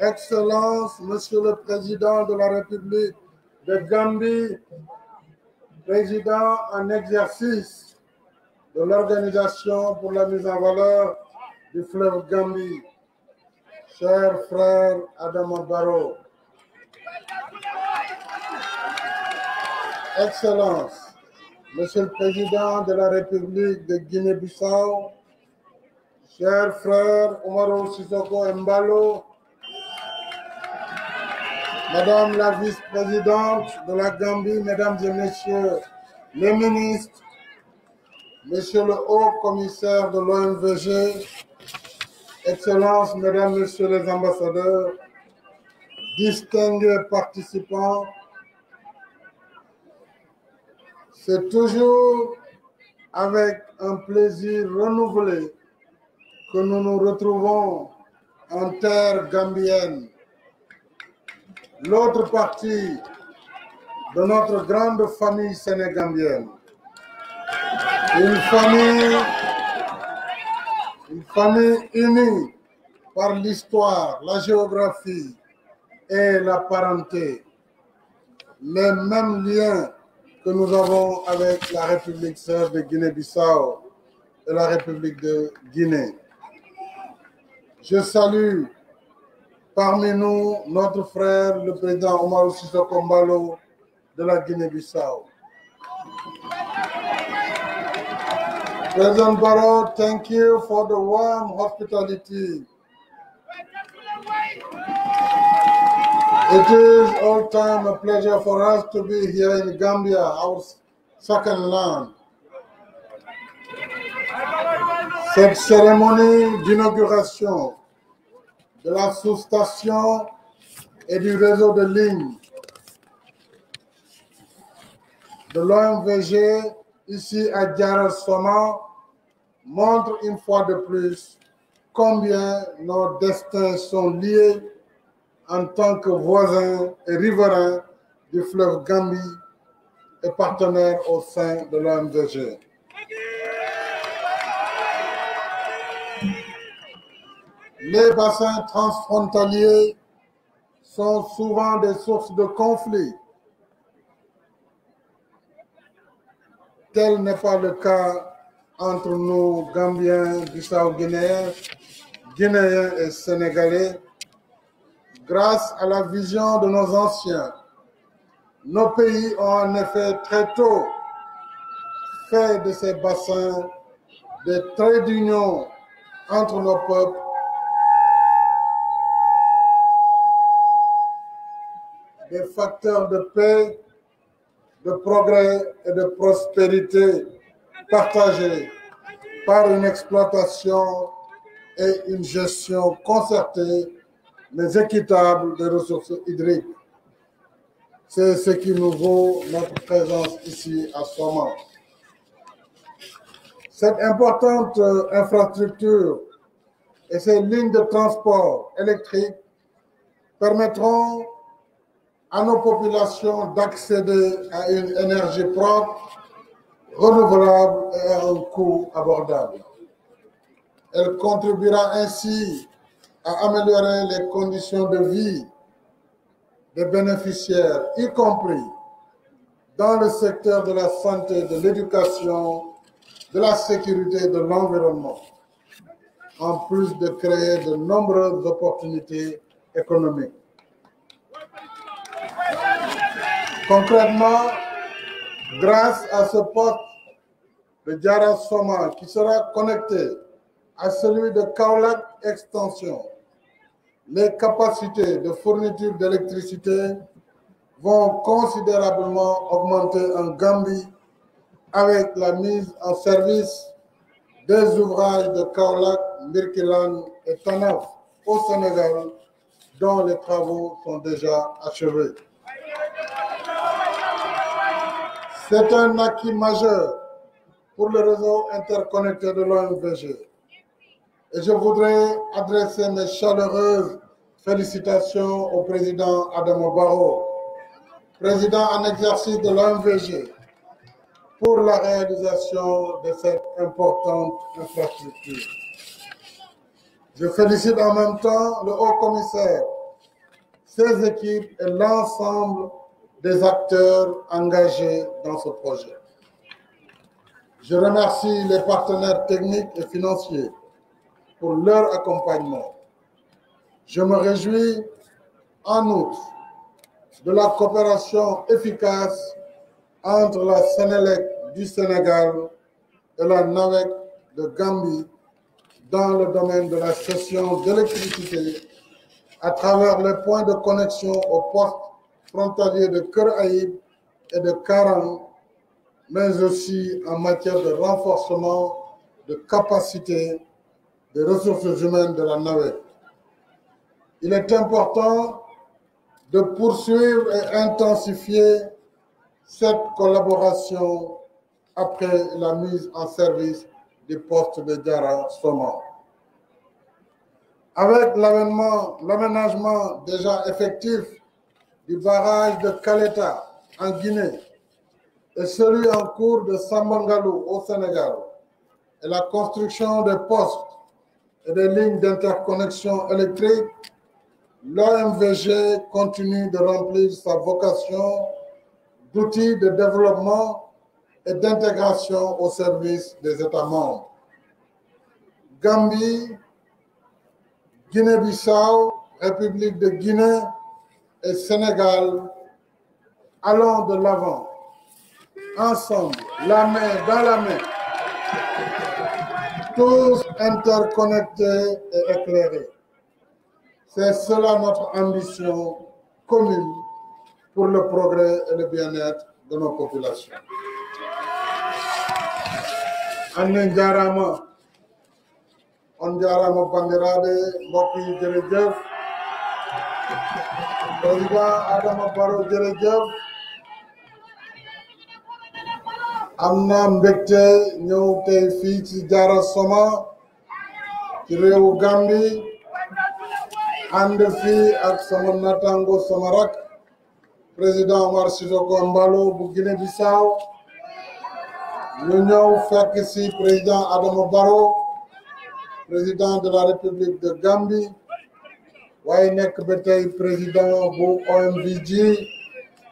Excellence, Monsieur le Président de la République de Gambie, président en exercice de l'Organisation pour la mise en valeur du fleuve Gambie, cher frère Adam Barrow. Excellence, Monsieur le Président de la République de Guinée-Bissau, cher frère Omaro Sissoko Mbalo, Madame la vice-présidente de la Gambie, Mesdames et Messieurs les ministres, Monsieur le haut commissaire de l'OMVG, Excellences, Mesdames, Messieurs les ambassadeurs, distingués participants, c'est toujours avec un plaisir renouvelé que nous nous retrouvons en terre gambienne l'autre partie de notre grande famille sénégambienne. Une famille, une famille unie par l'histoire, la géographie et la parenté. Les mêmes liens que nous avons avec la République de Guinée-Bissau et la République de Guinée. Je salue Parmi nous, notre frère, le président Omar Sissoko Mbalo de la Guinée-Bissau. President Barrow, thank you for the warm hospitality. It is all time a pleasure for us to be here in Gambia, our second land. Cette cérémonie d'inauguration de la sous-station et du réseau de lignes de l'OMVG ici à Diyar-e-Soma montre une fois de plus combien nos destins sont liés en tant que voisins et riverains du fleuve Gambie et partenaires au sein de l'OMVG. Les bassins transfrontaliers sont souvent des sources de conflits. Tel n'est pas le cas entre nous, Gambiens, Bissau-Guinéens, Guinéens et Sénégalais. Grâce à la vision de nos anciens, nos pays ont en effet très tôt fait de ces bassins des traits d'union entre nos peuples des facteurs de paix, de progrès et de prospérité partagés par une exploitation et une gestion concertée mais équitable des ressources hydriques. C'est ce qui nous vaut notre présence ici à Soma. Cette importante euh, infrastructure et ces lignes de transport électriques permettront à nos populations d'accéder à une énergie propre, renouvelable et à un coût abordable. Elle contribuera ainsi à améliorer les conditions de vie des bénéficiaires, y compris dans le secteur de la santé, de l'éducation, de la sécurité et de l'environnement, en plus de créer de nombreuses opportunités économiques. Concrètement, grâce à ce poste de Diara Soma qui sera connecté à celui de Kaolak Extension, les capacités de fourniture d'électricité vont considérablement augmenter en Gambie avec la mise en service des ouvrages de Kaolak, Mirkilan et Tanaf au Sénégal, dont les travaux sont déjà achevés. C'est un acquis majeur pour le réseau interconnecté de l'OMVG. Et je voudrais adresser mes chaleureuses félicitations au président Adamo Barro, président en exercice de l'OMVG, pour la réalisation de cette importante infrastructure. Je félicite en même temps le haut commissaire, ses équipes et l'ensemble des acteurs engagés dans ce projet. Je remercie les partenaires techniques et financiers pour leur accompagnement. Je me réjouis en outre de la coopération efficace entre la Sénélec du Sénégal et la NAVEC de Gambie dans le domaine de la cession d'électricité à travers les points de connexion aux portes frontaliers de Kër et de Karan, mais aussi en matière de renforcement de capacité des ressources humaines de la navette. Il est important de poursuivre et intensifier cette collaboration après la mise en service des postes de Djara Soma. Avec l'aménagement déjà effectif du barrage de Kaleta en Guinée et celui en cours de Sambangalou au Sénégal et la construction des postes et des lignes d'interconnexion électrique, l'OMVG continue de remplir sa vocation d'outil de développement et d'intégration au service des États membres. Gambie, Guinée-Bissau, République de Guinée, et Sénégal, allons de l'avant, ensemble, la main dans la main, tous interconnectés et éclairés. C'est cela notre ambition commune pour le progrès et le bien-être de nos populations. président Adama Barrow jërëjëf am na mbégte ñëw tey fii ci Jara Soma ci réewu Gambi ànd fii ak sama natango sama rak président Omar Sissoco Embalo bu Guinée Bissau ñu ñëw fekk si président Adama Barrow président de la République de Gambie waaye nekk ba tey président bu OMVG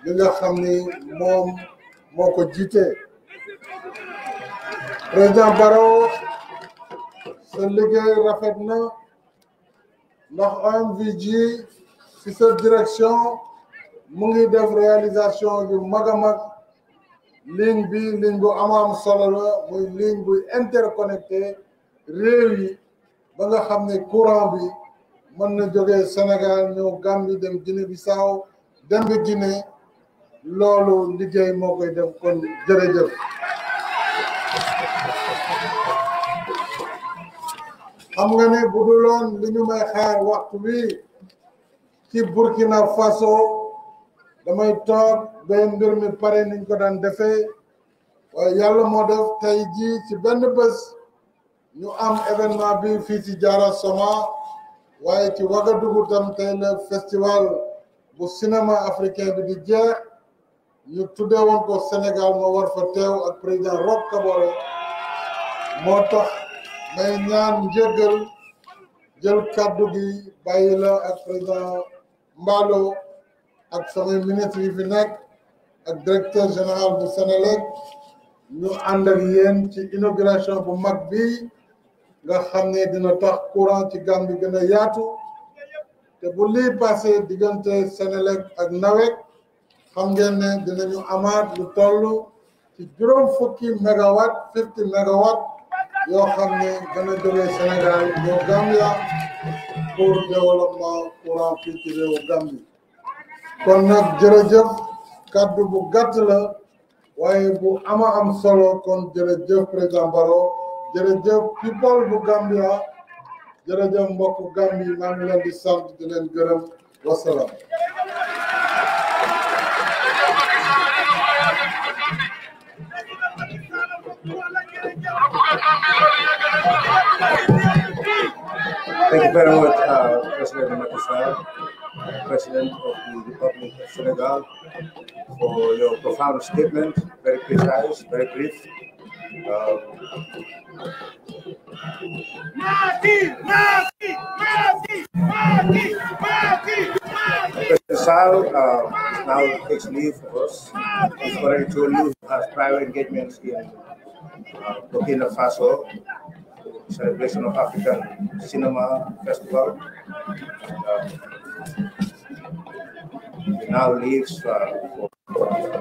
li nga xam ni moom moo ko jiite président Barrow sa liggéey rafet na ndax OMVG ci sa direction mu ngi def réalisation yu mag a mag bi ligne bu amaam solo la muy ligne bu interconnecté réew yi ba nga xam ne courant bi mën na jógee Sénégal ñëw Gambie dem Guinée Bissau dem ba Guinée loolu liggéey moo koy def kon jërëjëf xam nga ne bu duloon ñu may xaar waxtu bi ci Burkina Faso damay toog ba mbir mi pare niñ ko daan defee waaye yàlla moo def tey jii ci benn bës ñu am événement bi fii ci Diarra waaye ci Ouagadougou tam tey la festival bu cinéma africain bi di jeex ñu tuddee woon ko war fa teew ak président Roch Kaboré moo tax may ñaan njëggal jël kàddu gi bàyyi la ak président Mballo ak samay ministre yi fi nekk ak directeur général bu Sénélec ñu ànd ak ci inauguration bu mag bi nga xam ne dina tax courant ci Gàmbi gën a yaatu te bu lii passé diggante Senelec ak NAWEC xam ngeen ne dinañu amaat lu toll ci juróom fukki mégawatt fifty mégawatt yoo xam ne dana jógee Sénégal ñëw Gambia pour développement courant fii ci réewu Gambi kon nag jërëjëf kàddu bu gàtt la waaye bu ama am solo kon jërëjëf président Barrow jërëjëf people bu Gambia jërëjëf mbokku Gambi maa ngi leen di sant di leen gërëm wasalaam. Thank you very much, uh, President Macky President of the Republic of Senegal, for your profound statement, very precise, very brief. Pesado uh, now takes leave of us. As you, he has private engagements in uh, Burkina Faso, celebration of African Cinema Festival. Uh, now leaves uh, for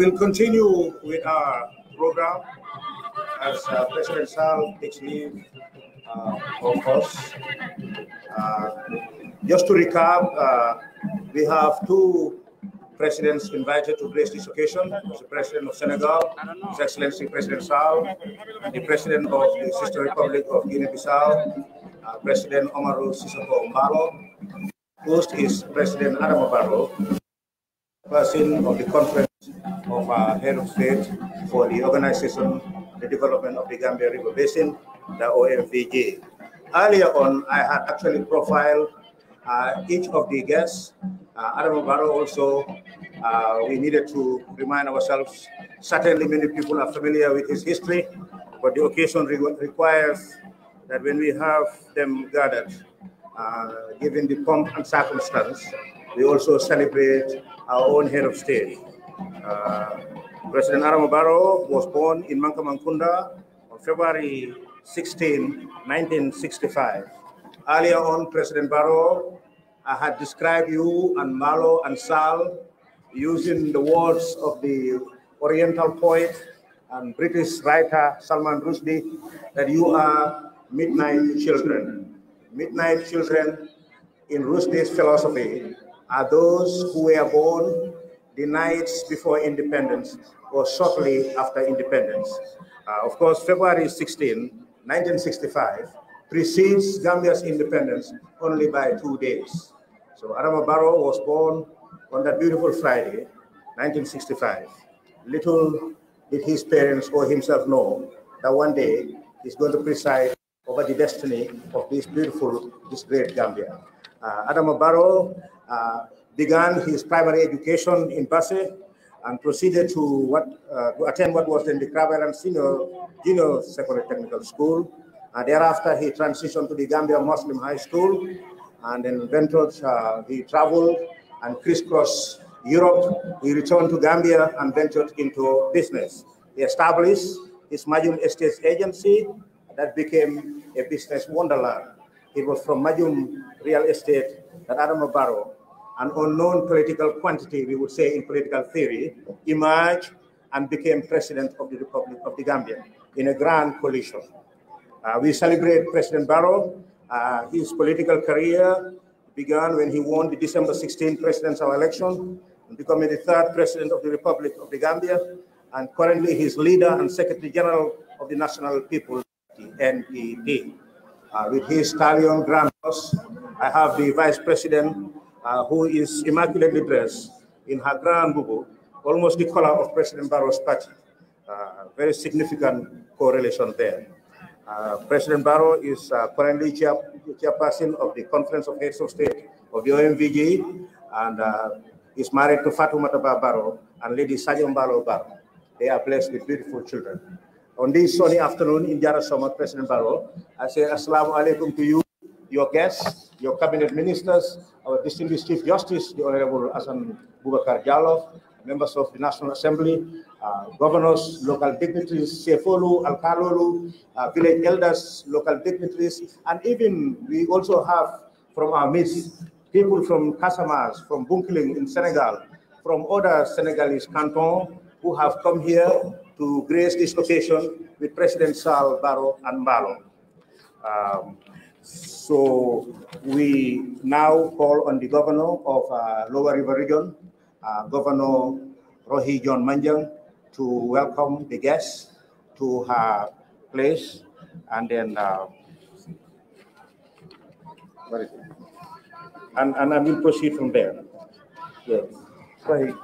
will continue with our program as uh, President Sal takes leave uh, of us. Uh, just to recap, uh, we have two presidents invited to grace this occasion. The President of Senegal, His Excellency President Sal, and the President of the Sister Republic of Guinea-Bissau, uh, President Omaru Sissoko Mbalo. Host is President Adam Barrow, Person of the conference of our uh, head of state for the organization, the development of the Gambia River Basin, the OMVJ. Earlier on, I had actually profiled uh, each of the guests. Uh, Adam also, uh, we needed to remind ourselves, certainly many people are familiar with his history, but the occasion re requires that when we have them gathered, uh, given the pomp and circumstance, we also celebrate our own head of state. Uh, President Aram was born in Mankamangkunda on February 16, 1965. Earlier on, President Barro, I had described you and Malo and Sal using the words of the Oriental poet and British writer Salman Rushdie that you are midnight children. Midnight children in Rushdie's philosophy are those who were born the nights before independence or shortly after independence. Uh, of course, February 16, 1965, precedes Gambia's independence only by two days. So Adama Barrow was born on that beautiful Friday, 1965. Little did his parents or himself know that one day he's going to preside over the destiny of this beautiful, this great Gambia. Uh, Barrow uh, began his primary education in Basse and proceeded to what uh, to attend what was then the Cravaran Senior Junior Secondary Technical School. Uh, thereafter, he transitioned to the Gambia Muslim High School, and then ventured. Uh, he traveled and crisscrossed Europe. He returned to Gambia and ventured into business. He established his Majum Estates Agency that became a business wonderland. It was from Majum Real Estate that Adam Barrow an unknown political quantity, we would say in political theory, emerged and became president of the Republic of the Gambia in a grand coalition. Uh, we celebrate President Barrow. Uh, his political career began when he won the December 16 presidential election, becoming the third president of the Republic of the Gambia, and currently he's leader and secretary general of the National People's Party, NPP. Uh, with his stallion Grand I have the vice president uh, who is immaculately dressed in her grand bubu, almost the color of President Barrow's party. Uh, very significant correlation there. Uh, President Barrow is uh, currently chair, chairperson of the Conference of Heads of State of the OMVG and uh, is married to Fatoumata Barrow and Lady Sajam Barrow Barrow. They are blessed with beautiful children. On this sunny afternoon in Jarasoma, President Barrow, I say Assalamu alaikum to you, your guests, your cabinet ministers, our distinguished Chief Justice, the Honorable Asan Bubakar Diallo, members of the National Assembly, uh, governors, local dignitaries, Sefolu, Alkalolu, uh, village elders, local dignitaries, and even we also have from our midst people from Casamas, from Bunkiling in Senegal, from other Senegalese cantons who have come here to grace this occasion with President Sal Barro and Malo. Um, so we now call on the governor of uh, Lower River Region, uh, Governor Rohi John Manjang, to welcome the guests to her place. And then, uh, And, and I will proceed from there. Yes. Go ahead.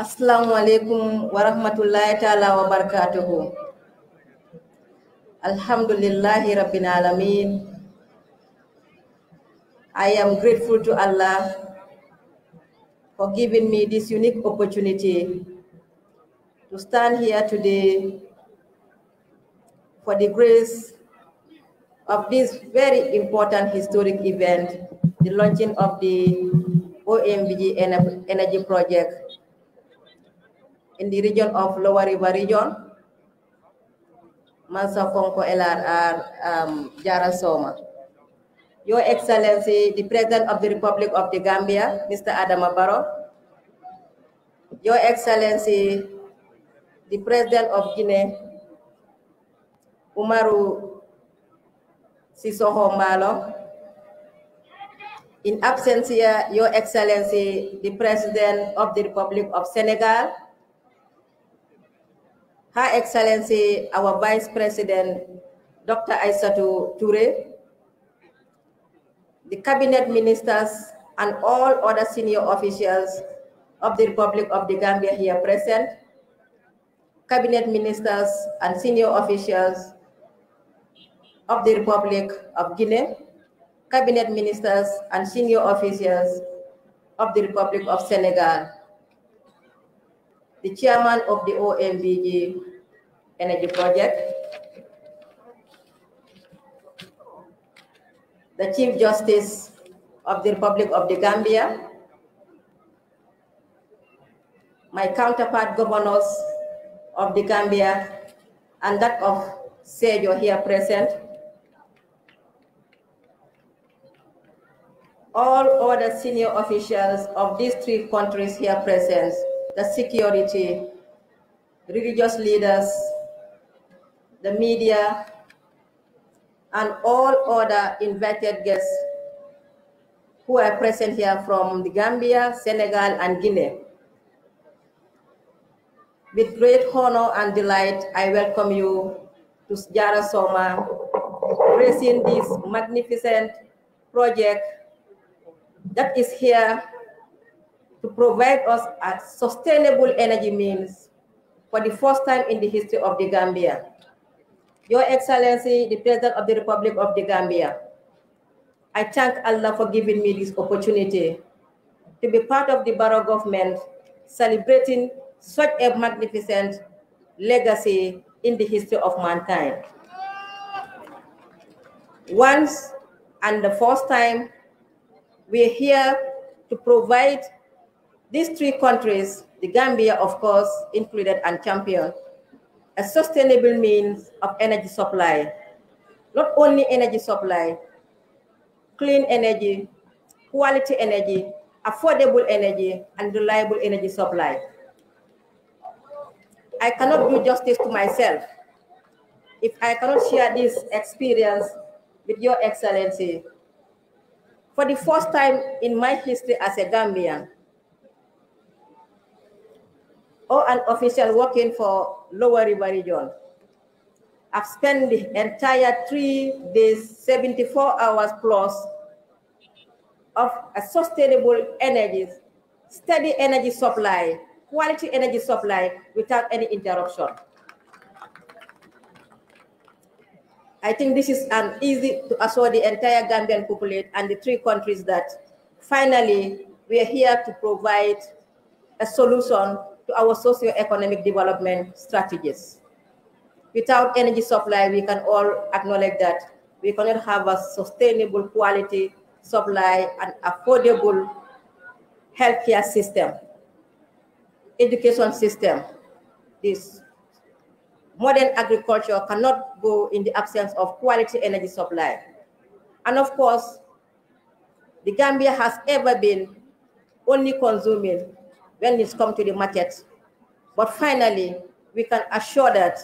Assalamu alaikum wa rahmatullahi ta'ala wa barakatuhu. Alhamdulillahi Rabbil Alameen. I am grateful to Allah for giving me this unique opportunity to stand here today for the grace of this very important historic event, the launching of the OMBG Energy Project in the region of Lower River region, Mansa Konko LRR um, Jara Soma. Your Excellency, the President of the Republic of the Gambia, Mr. Adama Barrow. Your Excellency, the President of Guinea, Umaru Sisoho Malo. In absence here, Your Excellency, the President of the Republic of Senegal, Her Excellency, our Vice President, Dr. Aisatu Ture, the cabinet ministers and all other senior officials of the Republic of the Gambia here present, cabinet ministers and senior officials of the Republic of Guinea, cabinet ministers and senior officials of the Republic of Senegal, the chairman of the OMBG energy project, the Chief Justice of the Republic of the Gambia, my counterpart governors of the Gambia, and that of Sergio here present, all other senior officials of these three countries here present, the security, religious leaders, the media, and all other invited guests who are present here from the Gambia, Senegal, and Guinea. With great honor and delight, I welcome you to Jara Soma, raising this magnificent project that is here to provide us a sustainable energy means for the first time in the history of the Gambia. Your Excellency, the President of the Republic of the Gambia, I thank Allah for giving me this opportunity to be part of the Barrow government celebrating such a magnificent legacy in the history of mankind. Once and the first time, we're here to provide these three countries, the Gambia, of course, included and championed a sustainable means of energy supply. Not only energy supply, clean energy, quality energy, affordable energy, and reliable energy supply. I cannot do justice to myself if I cannot share this experience with Your Excellency. For the first time in my history as a Gambian, or an official working for Lower River Region. I've spent the entire three days, 74 hours plus of a sustainable energy, steady energy supply, quality energy supply without any interruption. I think this is an easy to assure the entire Gambian population and the three countries that finally we are here to provide a solution to our socio-economic development strategies. Without energy supply, we can all acknowledge that we cannot have a sustainable quality supply and affordable healthcare system, education system. This modern agriculture cannot go in the absence of quality energy supply. And of course, the Gambia has ever been only consuming when it's come to the market. But finally, we can assure that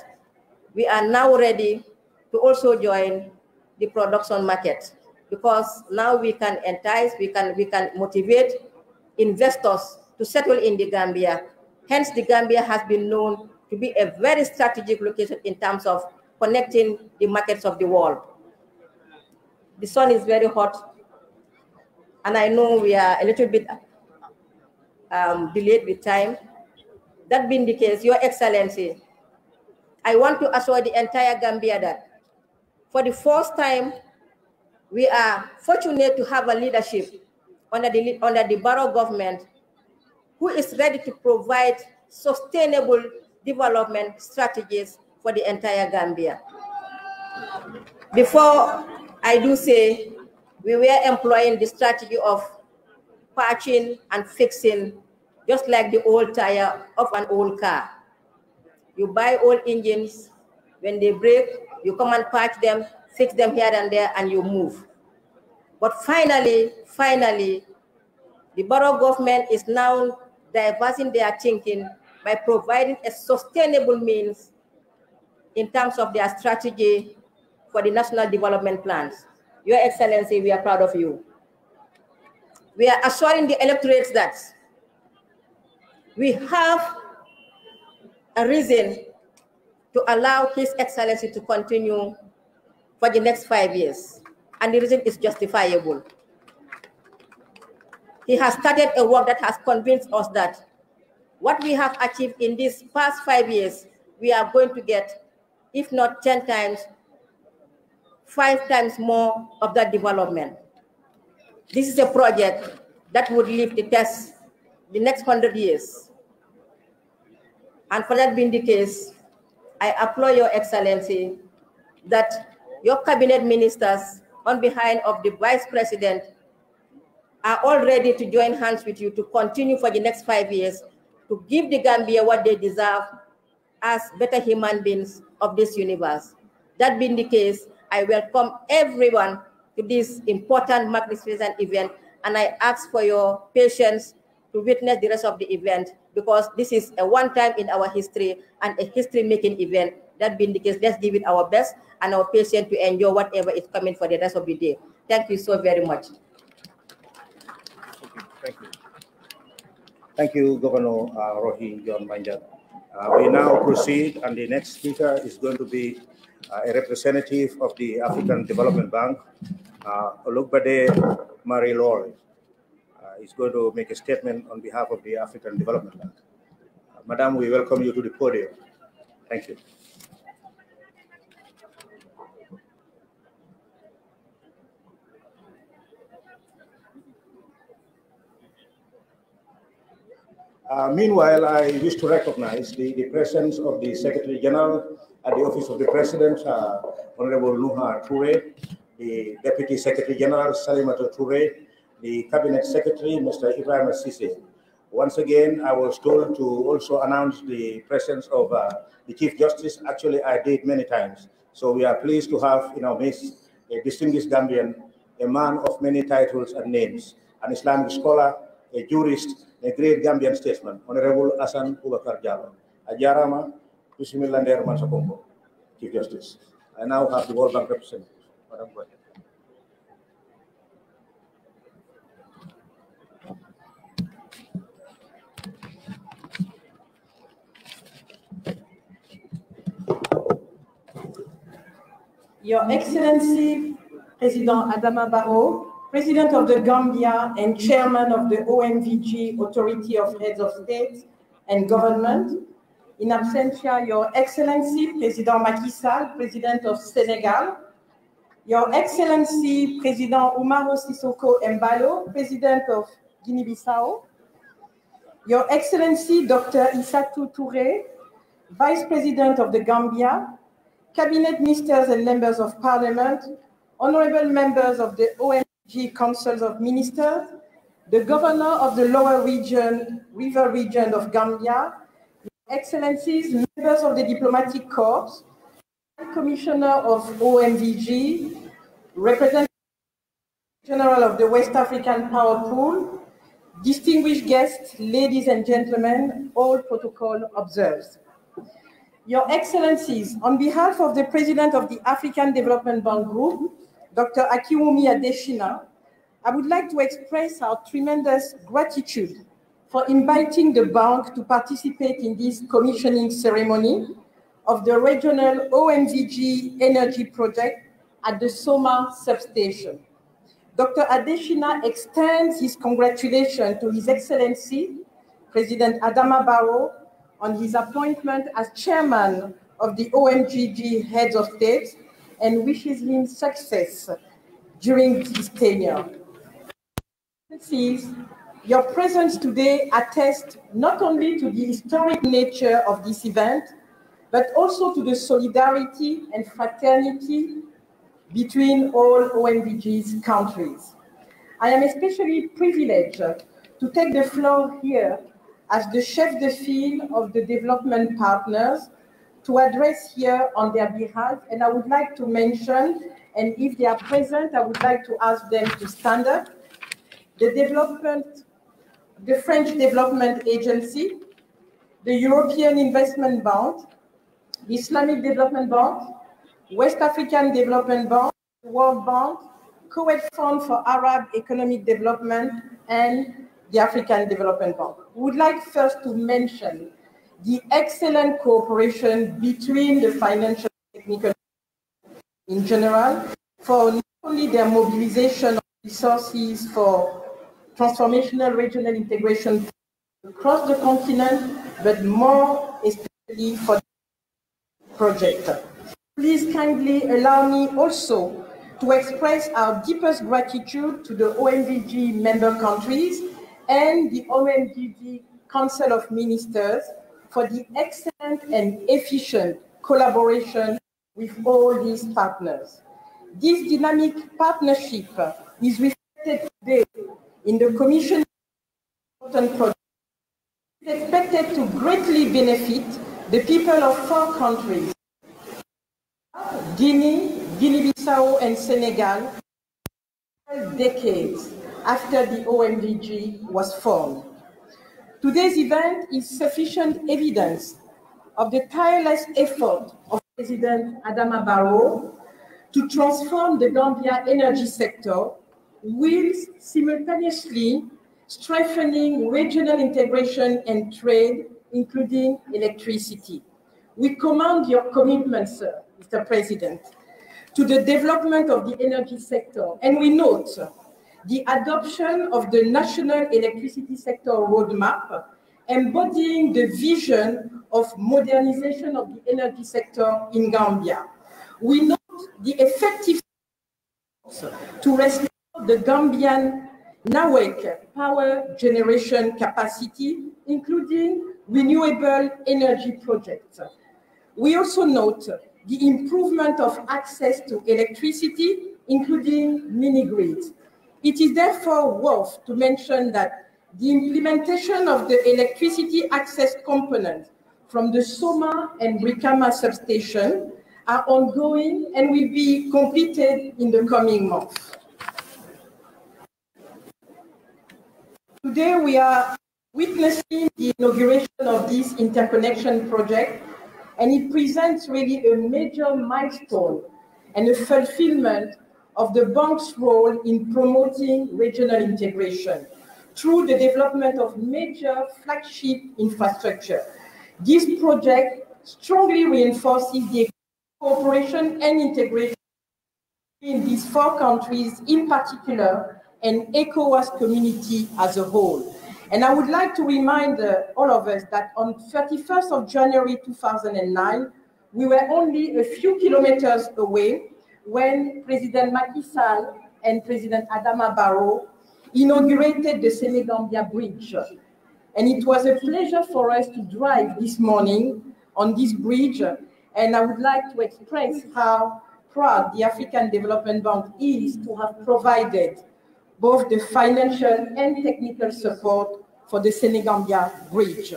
we are now ready to also join the production market because now we can entice, we can, we can motivate investors to settle in the Gambia. Hence, the Gambia has been known to be a very strategic location in terms of connecting the markets of the world. The sun is very hot, and I know we are a little bit um, delayed with time. That being the case, Your Excellency, I want to assure the entire Gambia that for the first time, we are fortunate to have a leadership under the, under the Barrow government who is ready to provide sustainable development strategies for the entire Gambia. Before I do say, we were employing the strategy of patching and fixing just like the old tire of an old car. You buy old engines, when they break, you come and patch them, fix them here and there, and you move. But finally, finally, the borough government is now diversing their thinking by providing a sustainable means in terms of their strategy for the national development plans. Your Excellency, we are proud of you. We are assuring the electorates that we have a reason to allow His Excellency to continue for the next five years. And the reason is justifiable. He has started a work that has convinced us that what we have achieved in these past five years, we are going to get, if not 10 times, five times more of that development. This is a project that would live the test the next 100 years. And for that being the case, I applaud Your Excellency that your cabinet ministers on behalf of the Vice President are all ready to join hands with you to continue for the next five years to give the Gambia what they deserve as better human beings of this universe. That being the case, I welcome everyone to this important magnificent event and I ask for your patience to witness the rest of the event because this is a one time in our history and a history making event. That being the case, let's give it our best and our patient to enjoy whatever is coming for the rest of the day. Thank you so very much. Thank you. Thank you, Governor uh, Rohi John Manja. Uh, we now proceed, and the next speaker is going to be uh, a representative of the African Development Bank, uh, Olubade Marie Lawrence. Uh, is going to make a statement on behalf of the African Development Bank. Uh, Madam, we welcome you to the podium. Thank you. Uh, meanwhile, I wish to recognize the, the, presence of the Secretary General at the Office of the President, uh, Honorable Nuha Toure, the Deputy Secretary General Salimato Toure, the Cabinet Secretary, Mr. Ibrahim Sisi. Once again, I was told to also announce the presence of uh, the Chief Justice. Actually, I did many times. So we are pleased to have in our midst a distinguished Gambian, a man of many titles and names, an Islamic scholar, a jurist, a great Gambian statesman, Honorable Asan Ubakar Jalo. Ajarama, Bismillah Chief Justice. I now have the World Bank representative, Madam President. Your Excellency, President Adama Barrow, President of the Gambia and Chairman of the OMVG, Authority of Heads of State and Government. In absentia, Your Excellency, President Macky Sall, President of Senegal. Your Excellency, President Umaro Sissoko Mbalo, President of Guinea-Bissau. Your Excellency, Dr. Isatu Touré, Vice President of the Gambia, Cabinet ministers and members of parliament, honorable members of the OMG Councils of Ministers, the governor of the lower region, river region of Gambia, excellencies, members of the diplomatic corps, commissioner of OMVG, representative general of the West African Power Pool, distinguished guests, ladies and gentlemen, all protocol observers. Your Excellencies, on behalf of the President of the African Development Bank Group, Dr. Akiwumi Adeshina, I would like to express our tremendous gratitude for inviting the bank to participate in this commissioning ceremony of the regional OMVG energy project at the Soma substation. Dr. Adeshina extends his congratulations to His Excellency, President Adama Barrow, on his appointment as chairman of the OMGG Heads of State and wishes him success during his tenure. Your presence today attests not only to the historic nature of this event, but also to the solidarity and fraternity between all OMBG's countries. I am especially privileged to take the floor here as the chef de file of the development partners to address here on their behalf. And I would like to mention, and if they are present, I would like to ask them to stand up. The development, the French Development Agency, the European Investment Bank, the Islamic Development Bank, West African Development Bank, World Bank, Kuwait Fund for Arab Economic Development, and the African Development Bank would like first to mention the excellent cooperation between the financial technical in general for not only their mobilization of resources for transformational regional integration across the continent, but more especially for the project. Please kindly allow me also to express our deepest gratitude to the OMVG member countries and the OMDD Council of Ministers for the excellent and efficient collaboration with all these partners. This dynamic partnership is reflected today in the Commission's important project. It's expected to greatly benefit the people of four countries, Guinea, Guinea-Bissau and Senegal, decades after the ONDG was formed. Today's event is sufficient evidence of the tireless effort of President Adama Barrow to transform the Gambia energy sector whilst simultaneously strengthening regional integration and trade, including electricity. We commend your commitment, sir, Mr. President, to the development of the energy sector, and we note the adoption of the National Electricity Sector Roadmap, embodying the vision of modernization of the energy sector in Gambia. We note the effective to restore the Gambian NAWEC power generation capacity, including renewable energy projects. We also note the improvement of access to electricity, including mini-grids, it is therefore worth to mention that the implementation of the electricity access component from the Soma and Brikama substation are ongoing and will be completed in the coming months. Today we are witnessing the inauguration of this interconnection project and it presents really a major milestone and a fulfillment of the bank's role in promoting regional integration through the development of major flagship infrastructure. This project strongly reinforces the cooperation and integration in these four countries in particular and ECOWAS community as a whole. And I would like to remind uh, all of us that on 31st of January 2009, we were only a few kilometers away when President Macky Sall and President Adama Barrow inaugurated the Senegambia Bridge. And it was a pleasure for us to drive this morning on this bridge. And I would like to express how proud the African Development Bank is to have provided both the financial and technical support for the Senegambia Bridge.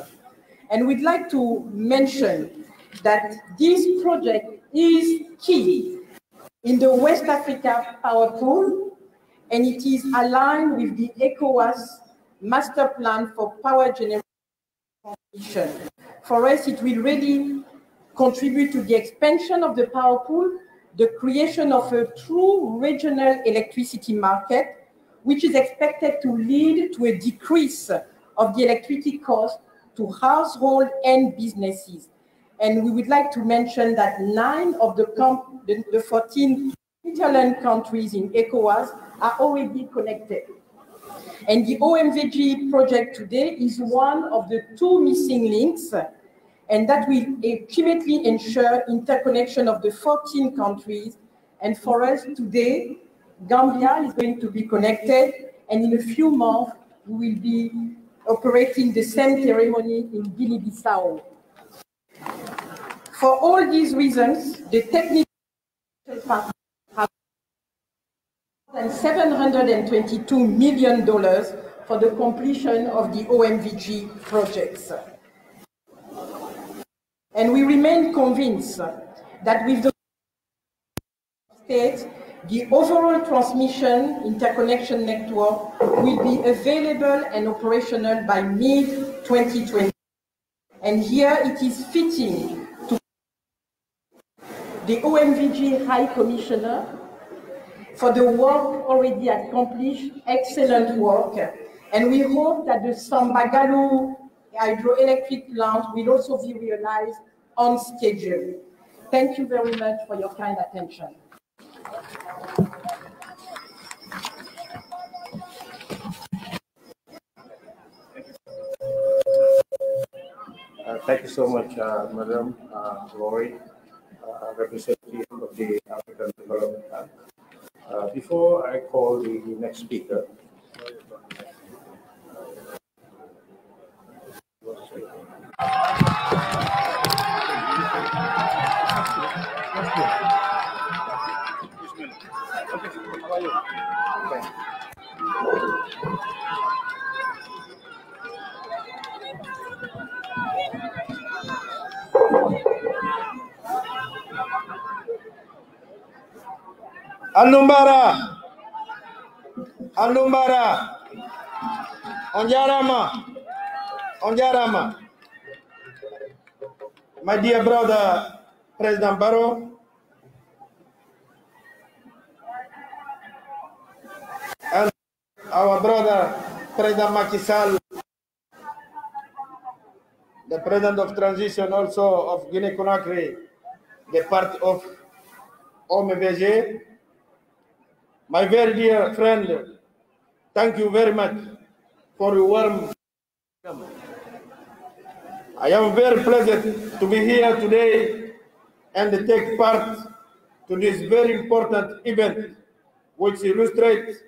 And we'd like to mention that this project is key in the West Africa Power Pool, and it is aligned with the ECOWAS Master Plan for Power Generation. For us, it will really contribute to the expansion of the power pool, the creation of a true regional electricity market, which is expected to lead to a decrease of the electricity cost to households and businesses. And we would like to mention that nine of the, the, the 14 Switzerland countries in ECOWAS are already connected. And the OMVG project today is one of the two missing links, and that will ultimately ensure interconnection of the 14 countries. And for us today, Gambia is going to be connected, and in a few months, we will be operating the same ceremony in Guinea-Bissau. For all these reasons, the technical partners have more than $722 million for the completion of the OMVG projects. And we remain convinced that with the state, the overall transmission interconnection network will be available and operational by mid-2020. And here it is fitting the OMVG High Commissioner, for the work already accomplished, excellent work. And we hope that the Sambagalu hydroelectric plant will also be realized on schedule. Thank you very much for your kind attention. Uh, thank you so much, uh, Madam uh, Lori representative of the African Development Bank. before I call the next speaker, Anumbara. Anumbara. Onjarama. Onjarama. My dear brother, President Barrow, and our brother, President Makisal, the President of Transition also of Guinea-Conakry, the part of OMVG, my very dear friend, thank you very much for your warm welcome. I am very pleased to be here today and take part to this very important event, which illustrates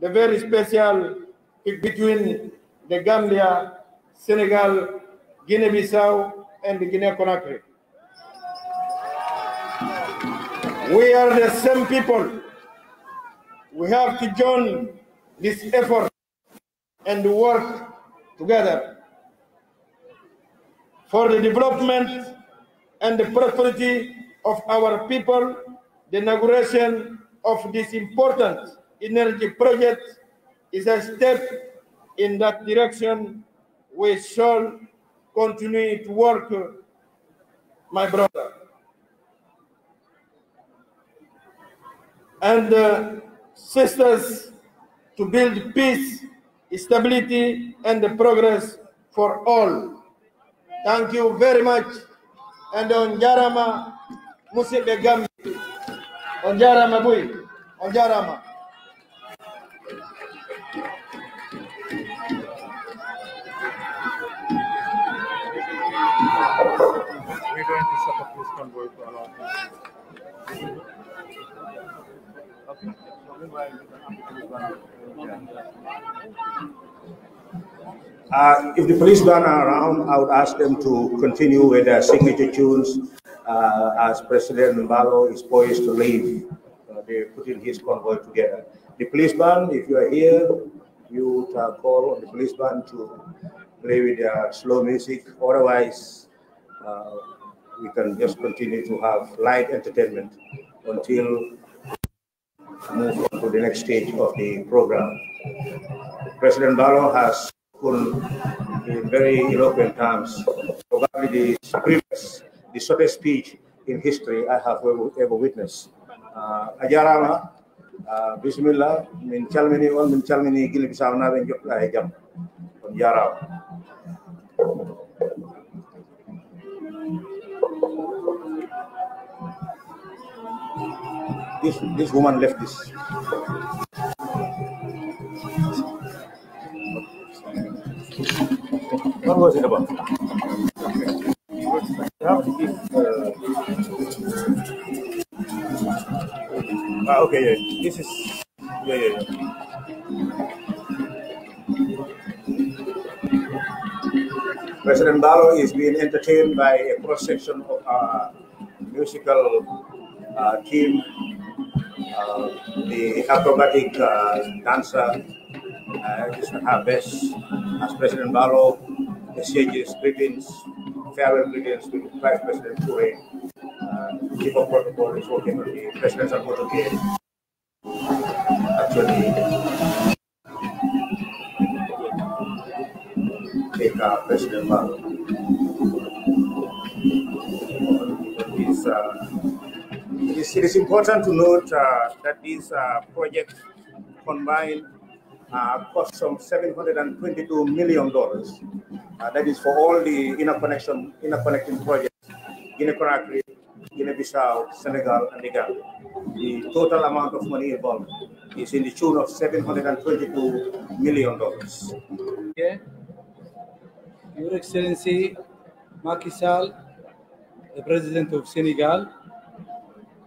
the very special between the Gambia, Senegal, Guinea-Bissau, and Guinea-Conakry. We are the same people we have to join this effort and work together for the development and the prosperity of our people, the inauguration of this important energy project is a step in that direction. We shall continue to work, my brother. And uh, sisters to build peace, stability, and progress for all. Thank you very much. And on Jarama Musibe Gambi. On Jarama Bui. On Jarama. We're going to set up this convoy for a long time. Okay. Uh, if the police band are around, I would ask them to continue with their signature tunes uh, as President Mbalo is poised to leave. Uh, they're putting his convoy together. The police band, if you are here, you would uh, call on the police band to play with their slow music. Otherwise, uh, we can just continue to have light entertainment until move on to the next stage of the program. President Barrow has spoken in very eloquent terms, probably the briefest, the shortest speech in history I have ever, ever witnessed. Uh, Ajarama, uh, Bismillah, min chalmini on min chalmini gilbisaw na ben jop la jam. Kon this this woman left this. What was it about? ah, okay, yeah. This is yeah, yeah, yeah. President Balo is being entertained by a cross section of a uh, musical uh, team the acrobatic dancer, her best. as President Barrow exchanges greetings, farewell greetings to Vice President Kure, uh, Chief of Protocol is working with the President's Advocate. Actually, take uh, President Barrow. He's uh, it is important to note uh, that these uh, projects combined uh, cost some $722 million. Uh, that is for all the interconnection, interconnecting projects, Guinea-Conakry, Guinea-Bissau, Senegal, and Niger. The total amount of money involved is in the tune of $722 million. Yeah. Your Excellency, Macky Sall, the President of Senegal,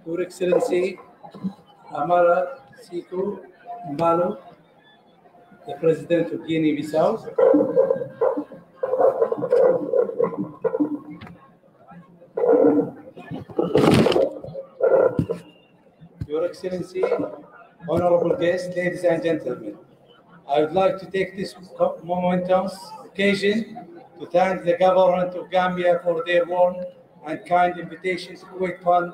your Excellency, Amara Sissoco Mbalo, the president of Guinea-Bissau. Your Excellency, honorable guests, ladies and gentlemen, I would like to take this momentous occasion to thank the government of Gambia for their warm and kind invitation to QuakeCon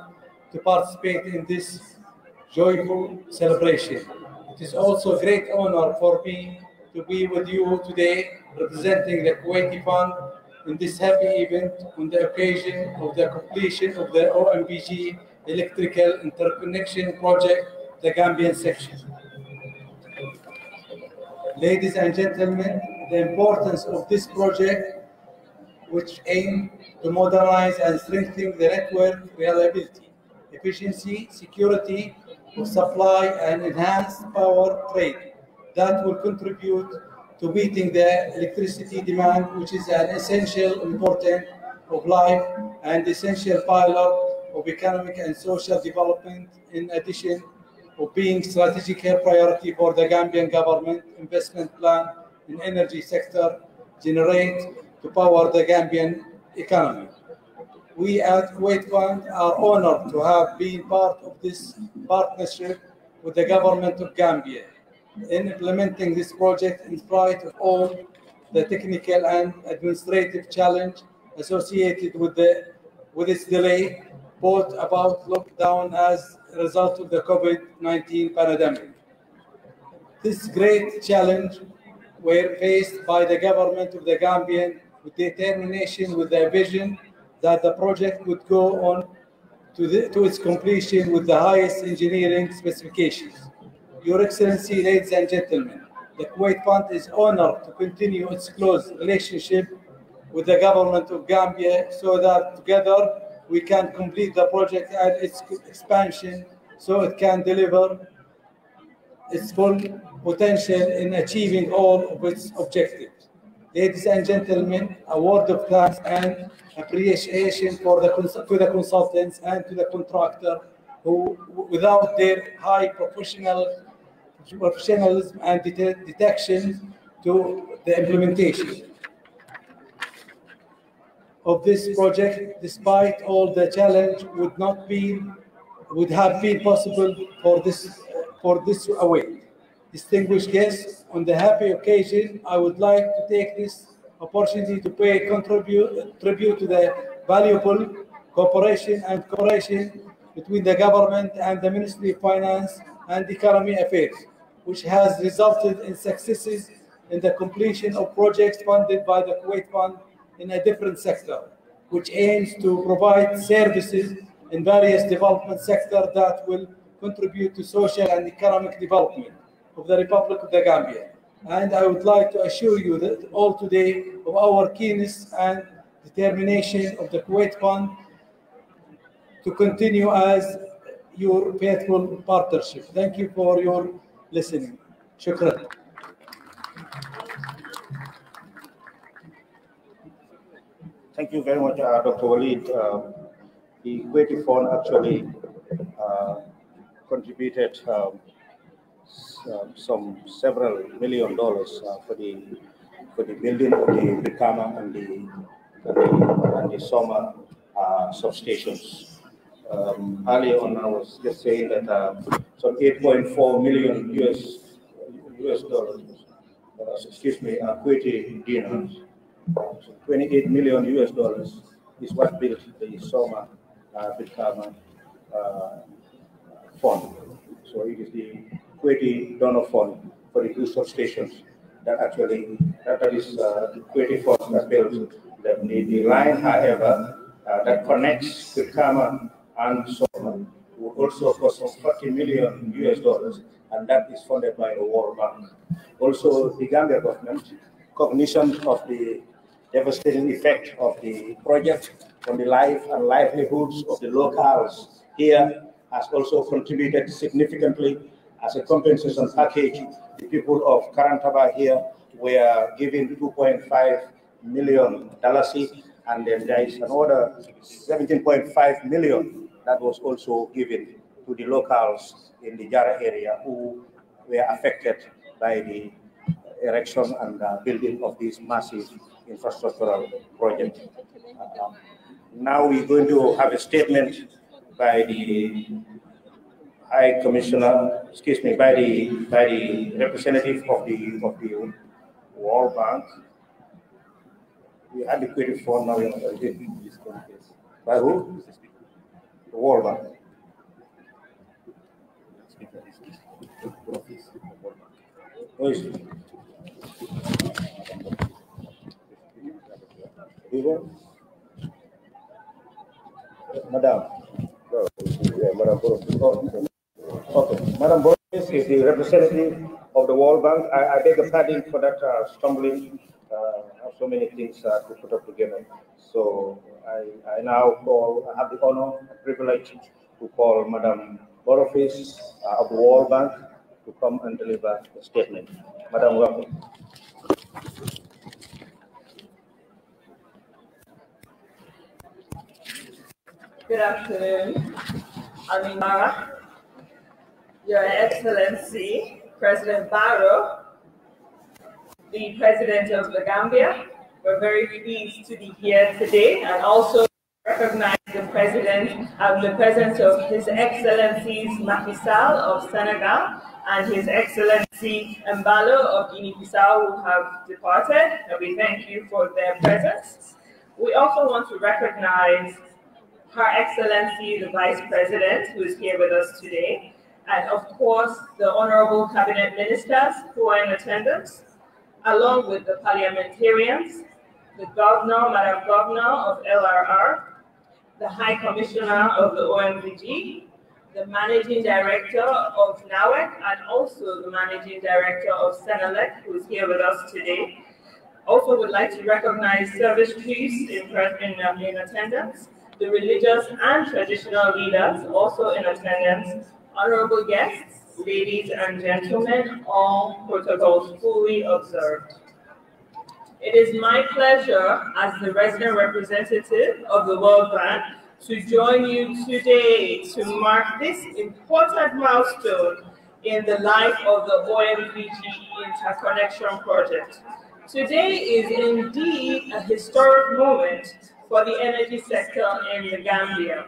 to participate in this joyful celebration. It is also a great honor for me to be with you today representing the Kuwaiti Fund in this happy event on the occasion of the completion of the OMBG Electrical Interconnection Project, the Gambian section. Ladies and gentlemen, the importance of this project which aims to modernize and strengthen the network reliability efficiency, security of supply, and enhanced power trade that will contribute to meeting the electricity demand, which is an essential important of life and essential pillar of economic and social development, in addition of being strategic priority for the Gambian government investment plan in energy sector generate to power the Gambian economy. We at Kuwait Bank are honored to have been part of this partnership with the government of Gambia in implementing this project in spite of all the technical and administrative challenge associated with the with its delay brought about lockdown as a result of the COVID-19 pandemic. This great challenge were faced by the government of the Gambian with determination, with their vision, that the project would go on to, the, to its completion with the highest engineering specifications. Your Excellency, ladies and gentlemen, the Kuwait Fund is honored to continue its close relationship with the government of Gambia so that together we can complete the project and its expansion so it can deliver its full potential in achieving all of its objectives. Ladies and gentlemen, a word of thanks and appreciation for the to the consultants and to the contractor who, without their high professional professionalism and det detection to the implementation of this project, despite all the challenge, would not be would have been possible for this for this away. Distinguished guests, on the happy occasion, I would like to take this opportunity to pay tribute to the valuable cooperation and cooperation between the government and the Ministry of Finance and Economy Affairs, which has resulted in successes in the completion of projects funded by the Kuwait Fund in a different sector, which aims to provide services in various development sectors that will contribute to social and economic development of the Republic of the Gambia. And I would like to assure you that all today of our keenness and determination of the Kuwait Fund to continue as your faithful partnership. Thank you for your listening. Shukran. Thank you very much, uh, Dr. Walid. Uh, the Kuwaiti Fund actually uh, contributed um, um, some several million dollars uh, for the for the building of the Bikama and the and the Soma uh, substations. Um, earlier on, I was just saying that uh, some 8.4 million US US dollars, excuse me, equity Kuwaiti dinars, so 28 million US dollars is what built the Soma uh, Bitcoin uh, fund. So it is the Kuwaiti donor fund for the two stations that actually that is uh, Kuwaiti fund that builds the, the, line, however, uh, that connects Kama and Soma will also cost us 40 million US dollars, and that is funded by the World Bank. Also, the Gambia government, cognition of the devastating effect of the project on the life and livelihoods of the locals here has also contributed significantly as a compensation package, the people of Karantaba here were given 2.5 million dollars, and then there is another 17.5 million that was also given to the locals in the Jara area who were affected by the erection and uh, building of this massive infrastructural project. Uh, now we're going to have a statement by the High Commissioner, excuse me, by the by the representative of the of the World Bank. We had the query for now. By who? The World Bank. Who is it? Madam. No, yeah, Madam Prof. Oh, Okay. Madam Boris is the representative of the World Bank. I, I beg a pardon for that uh, stumbling. Uh, so many things uh, to put up together. So I, I now call, I have the honor and privilege to call Madam Borofis uh, of the World Bank to come and deliver the statement. Madam, welcome. Good afternoon. I'm Mara, your Excellency, President Barrow, the President of the Gambia, we're very pleased to be here today and also recognize the President and the presence of His Excellencies Macky of Senegal and His Excellency Mbalo of Guinea-Bissau who have departed and we thank you for their presence. We also want to recognize Her Excellency the Vice President who is here with us today and of course the honorable cabinet ministers who are in attendance, along with the parliamentarians, the governor, madam governor of LRR, the high commissioner of the OMVG, the managing director of NAWEC, and also the managing director of Senelec, who is here with us today. Also would like to recognize service chiefs in, in, um, in attendance, the religious and traditional leaders also in attendance, Honorable guests, ladies and gentlemen, all protocols fully observed. It is my pleasure as the resident representative of the World Bank to join you today to mark this important milestone in the life of the OMVG Interconnection Project. Today is indeed a historic moment for the energy sector in the Gambia.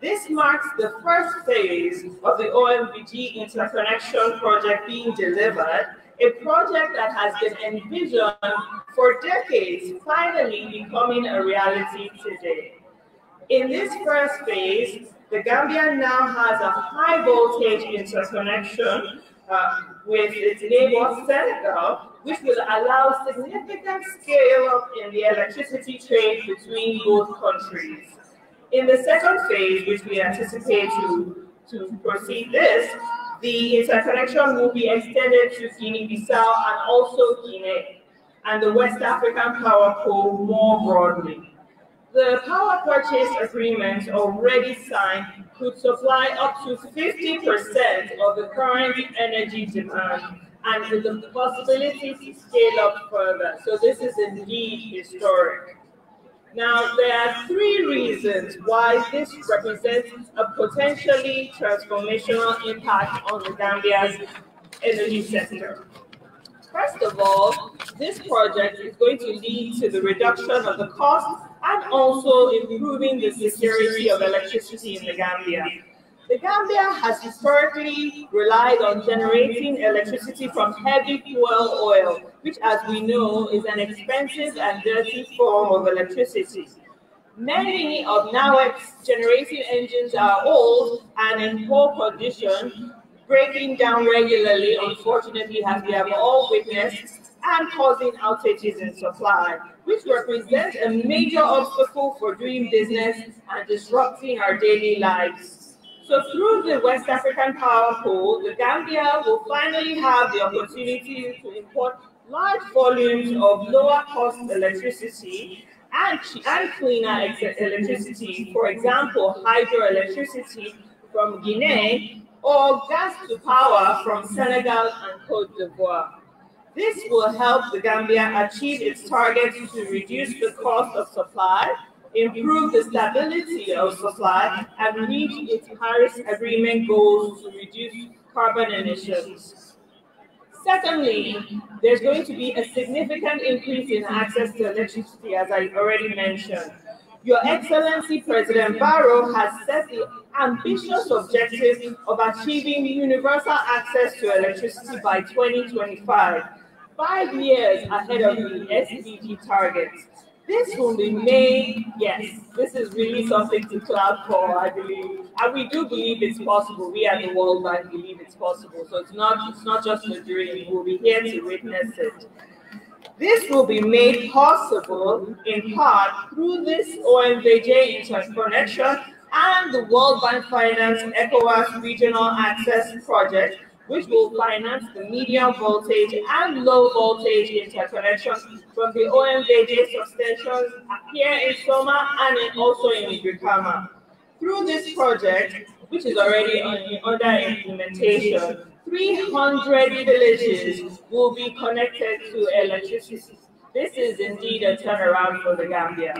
This marks the first phase of the OMBG interconnection project being delivered, a project that has been envisioned for decades, finally becoming a reality today. In this first phase, the Gambia now has a high voltage interconnection uh, with its neighbor Senegal, which will allow significant scale up in the electricity trade between both countries. In the second phase, which we anticipate to, to proceed this, the interconnection will be extended to Guinea-Bissau and also Guinea, and the West African Power Pool more broadly. The power purchase agreement already signed could supply up to 50% of the current energy demand and with the possibility to scale up further. So this is indeed historic. Now, there are three reasons why this represents a potentially transformational impact on the Gambia's energy sector. First of all, this project is going to lead to the reduction of the cost and also improving the security of electricity in the Gambia. The Gambia has historically relied on generating electricity from heavy fuel oil, which, as we know, is an expensive and dirty form of electricity. Many of NAWEC's generating engines are old and in poor condition, breaking down regularly, unfortunately, as we have all witnessed, and causing outages in supply, which represents a major obstacle for doing business and disrupting our daily lives. So through the West African Power Pool, the Gambia will finally have the opportunity to import large volumes of lower cost electricity and, and cleaner electricity, for example, hydroelectricity from Guinea or gas to power from Senegal and Cote d'Ivoire. This will help the Gambia achieve its target to reduce the cost of supply improve the stability of supply, and meet its Paris Agreement goals to reduce carbon emissions. Secondly, there's going to be a significant increase in access to electricity, as I already mentioned. Your Excellency President Barrow has set the ambitious objective of achieving universal access to electricity by 2025, five years ahead of the SDG targets. This will be made yes, this is really something to clap for, I believe. And we do believe it's possible. We at the World Bank believe it's possible. So it's not, it's not just a dream. We'll be here to witness it. This will be made possible in part through this OMVJ interconnection and the World Bank Finance ECOWAS Regional Access Project which will finance the medium voltage and low voltage interconnection from the OMVJ substations here in Soma and in also in Ibrikama. Through this project, which is already under implementation, 300 villages will be connected to electricity. This is indeed a turnaround for the Gambia.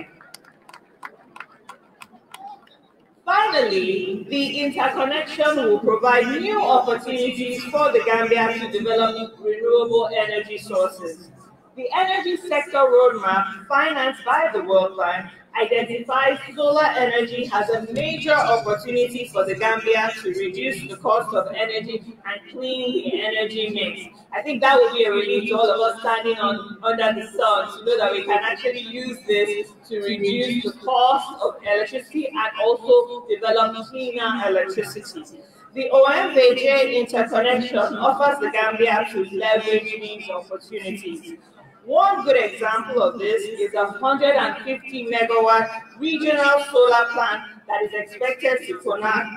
Finally, the interconnection will provide new opportunities for the Gambia to develop renewable energy sources. The energy sector roadmap, financed by the World Bank, identifies solar energy has a major opportunity for the Gambia to reduce the cost of energy and clean energy mix. I think that would be a relief to all of us standing on, under the sun to know that we can actually use this to reduce the cost of electricity and also develop cleaner electricity. The OMVJ interconnection offers the Gambia to leverage these opportunities. One good example of this is a 150 megawatt regional solar plant that is expected to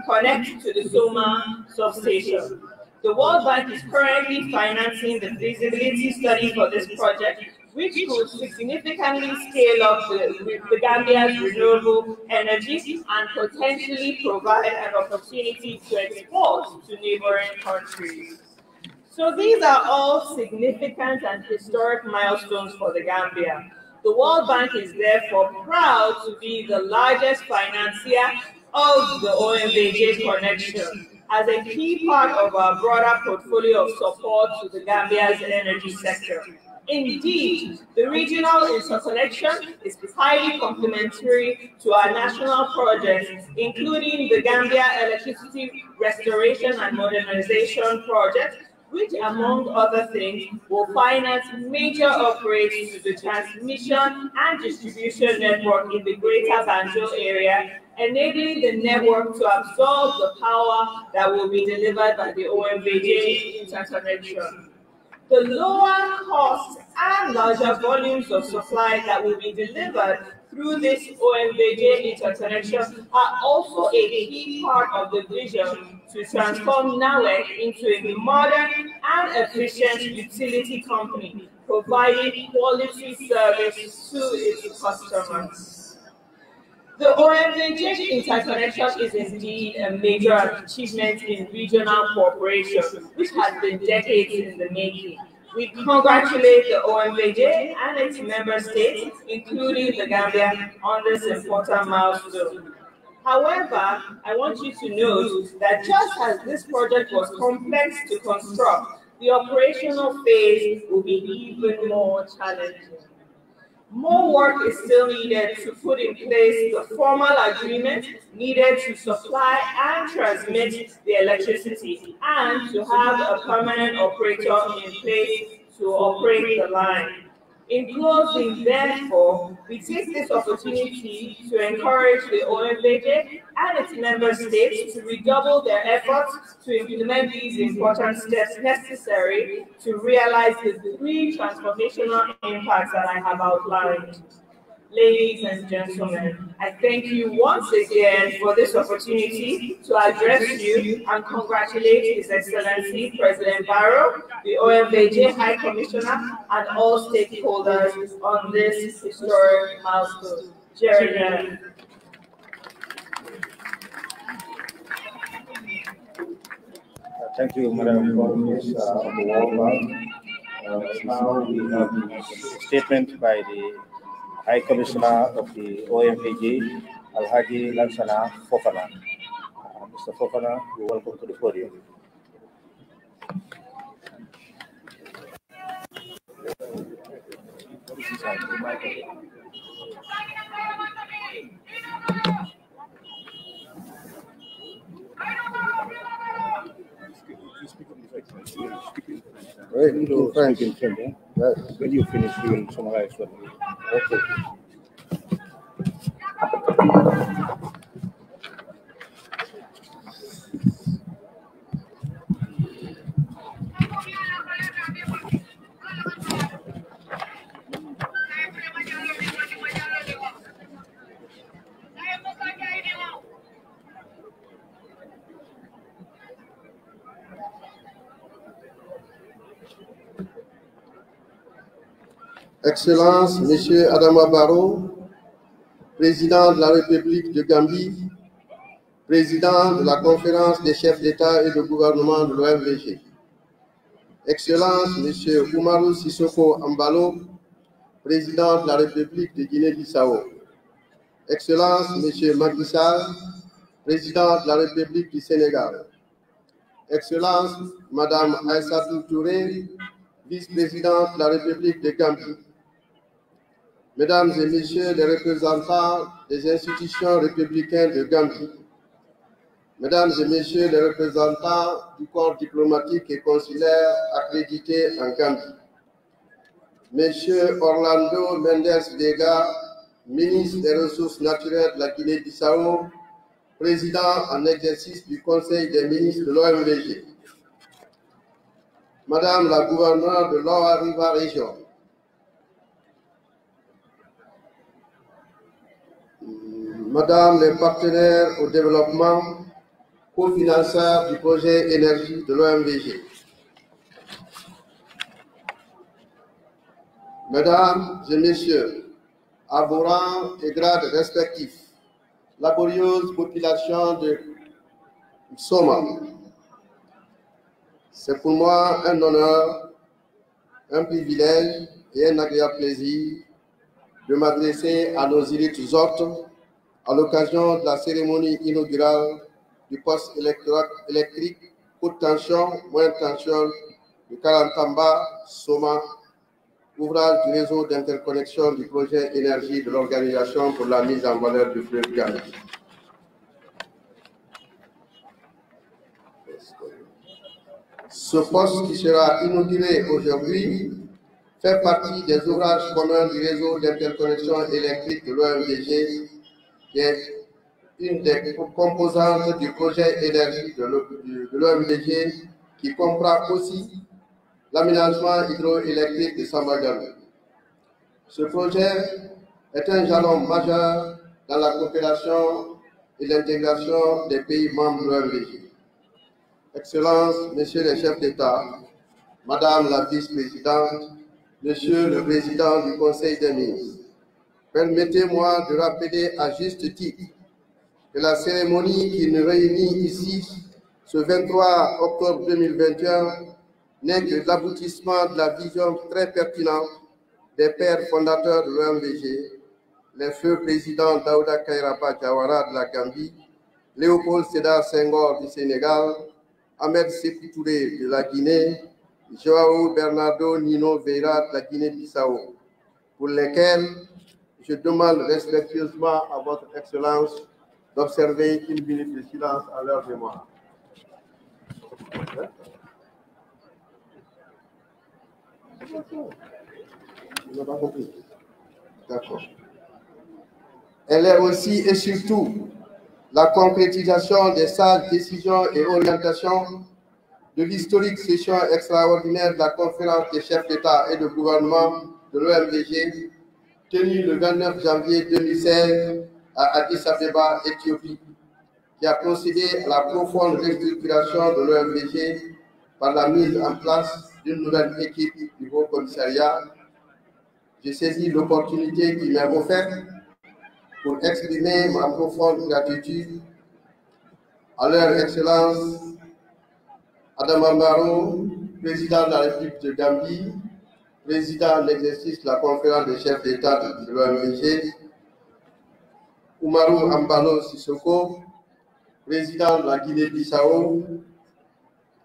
connect to the Soma substation. The World Bank is currently financing the feasibility study for this project, which could significantly scale up the, the Gambia's renewable energy and potentially provide an opportunity to export to neighboring countries. So these are all significant and historic milestones for the Gambia. The World Bank is therefore proud to be the largest financier of the OMBJ connection as a key part of our broader portfolio of support to the Gambia's energy sector. Indeed, the regional interconnection is highly complementary to our national projects, including the Gambia Electricity Restoration and Modernization Project, which, among other things, will finance major upgrades to the transmission and distribution network in the greater Banjo area, enabling the network to absorb the power that will be delivered by the OMBJ interconnection. The lower costs and larger volumes of supply that will be delivered through this OMVJ interconnection are also a key part of the vision to transform NAWEC into a modern and efficient utility company, providing quality service to its customers. The OMVJ interconnection is indeed a major achievement in regional cooperation, which has been decades in the making. We congratulate the OMVJ and its member states, including the Gambia, on this important milestone. However, I want you to note that just as this project was complex to construct, the operational phase will be even more challenging. More work is still needed to put in place the formal agreement needed to supply and transmit the electricity and to have a permanent operator in place to operate the line. In closing, therefore, we take this opportunity to encourage the OMBJ and its member states to redouble their efforts to implement these important steps necessary to realize the three transformational impacts that I have outlined. Ladies and gentlemen, I thank you once again for this opportunity to address you and congratulate His Excellency President Barrow, the OMBJ High Commissioner, and all stakeholders on this historic milestone. Jerry. Thank you, Madam Congress uh, Uh, now we have a statement by the High Commissioner of the OMPG, Alhaji Lansana Fofana. Uh, Mr. Fofana, you're welcome to the podium. Speak Right. So French. speak in French. Right. When you finish, you will summarize what. Okay. Excellence Monsieur Adama Barrow, Président de la République de Gambie, Président de la Conférence des chefs d'État et de gouvernement de l'OMVG, Excellence Monsieur Umaru Sissoko Ambalo, Président de la République de Guinée-Bissau, Excellence Monsieur Macky Président de la République du Sénégal, Excellence Madame Aïssatou Touré, vice-présidente de la République de Gambie, Mesdames et Messieurs les représentants des institutions républicaines de Gambie, Mesdames et Messieurs les représentants du corps diplomatique et consulaire accrédité en Gambie, Monsieur Orlando Mendes Vega, ministre des Ressources naturelles de la Guinée-Bissau, président en exercice du Conseil des ministres de l'OMVG, Madame la gouverneure de Riva Région, Madame les partenaires au développement, cofinanceurs du projet énergie de l'OMVG. Mesdames et messieurs, à vos rangs et grades respectifs, laborieuses population de Soma, c'est pour moi un honneur, un privilège et un agréable plaisir de m'adresser à nos élites autres à l'occasion de la cérémonie inaugurale du poste électrique haute tension, moyenne tension de Kalantamba, Soma, ouvrage du réseau d'interconnexion du projet énergie de l'organisation pour la mise en valeur du fleuve Ghana. Ce poste qui sera inauguré aujourd'hui fait partie des ouvrages communs du réseau d'interconnexion électrique de l'OMDG qui est une des composantes du projet énergie de l'OMDG, qui comprend aussi l'aménagement hydroélectrique de Samagal. Ce projet est un jalon majeur dans la coopération et l'intégration des pays membres de l'OMDG. Excellences, Messieurs les chefs d'État, Madame la vice-présidente, Monsieur le président du Conseil des ministres, Permettez-moi de rappeler à juste titre que la cérémonie qui nous réunit ici ce 23 octobre 2021 n'est que l'aboutissement de la vision très pertinente des pères fondateurs de l'OMVG, les feux présidents Daouda Kairapa Jawara de la Gambie, Léopold Sédar Senghor du Sénégal, Ahmed Sékou de la Guinée, Joao Bernardo Nino Veira de la Guinée-Bissau, pour lesquels je demande respectueusement à votre Excellence d'observer une minute de silence à leur mémoire. Elle est aussi et surtout la concrétisation des salles, décisions et orientations de l'historique session extraordinaire de la conférence des chefs d'État et de gouvernement de l'OMVG tenu le 29 janvier 2016 à Addis Abeba, Éthiopie, qui a procédé à la profonde restructuration de l'OMVG par la mise en place d'une nouvelle équipe du Haut Commissariat. J'ai saisi l'opportunité qui m'est offerte pour exprimer ma profonde gratitude à leur Excellence Adam Ambaro, président de la République de Gambie, président de l'exercice de la conférence des chefs d'État de l'OMG, Umaru Ambalo Sissoko, président de la Guinée-Bissau,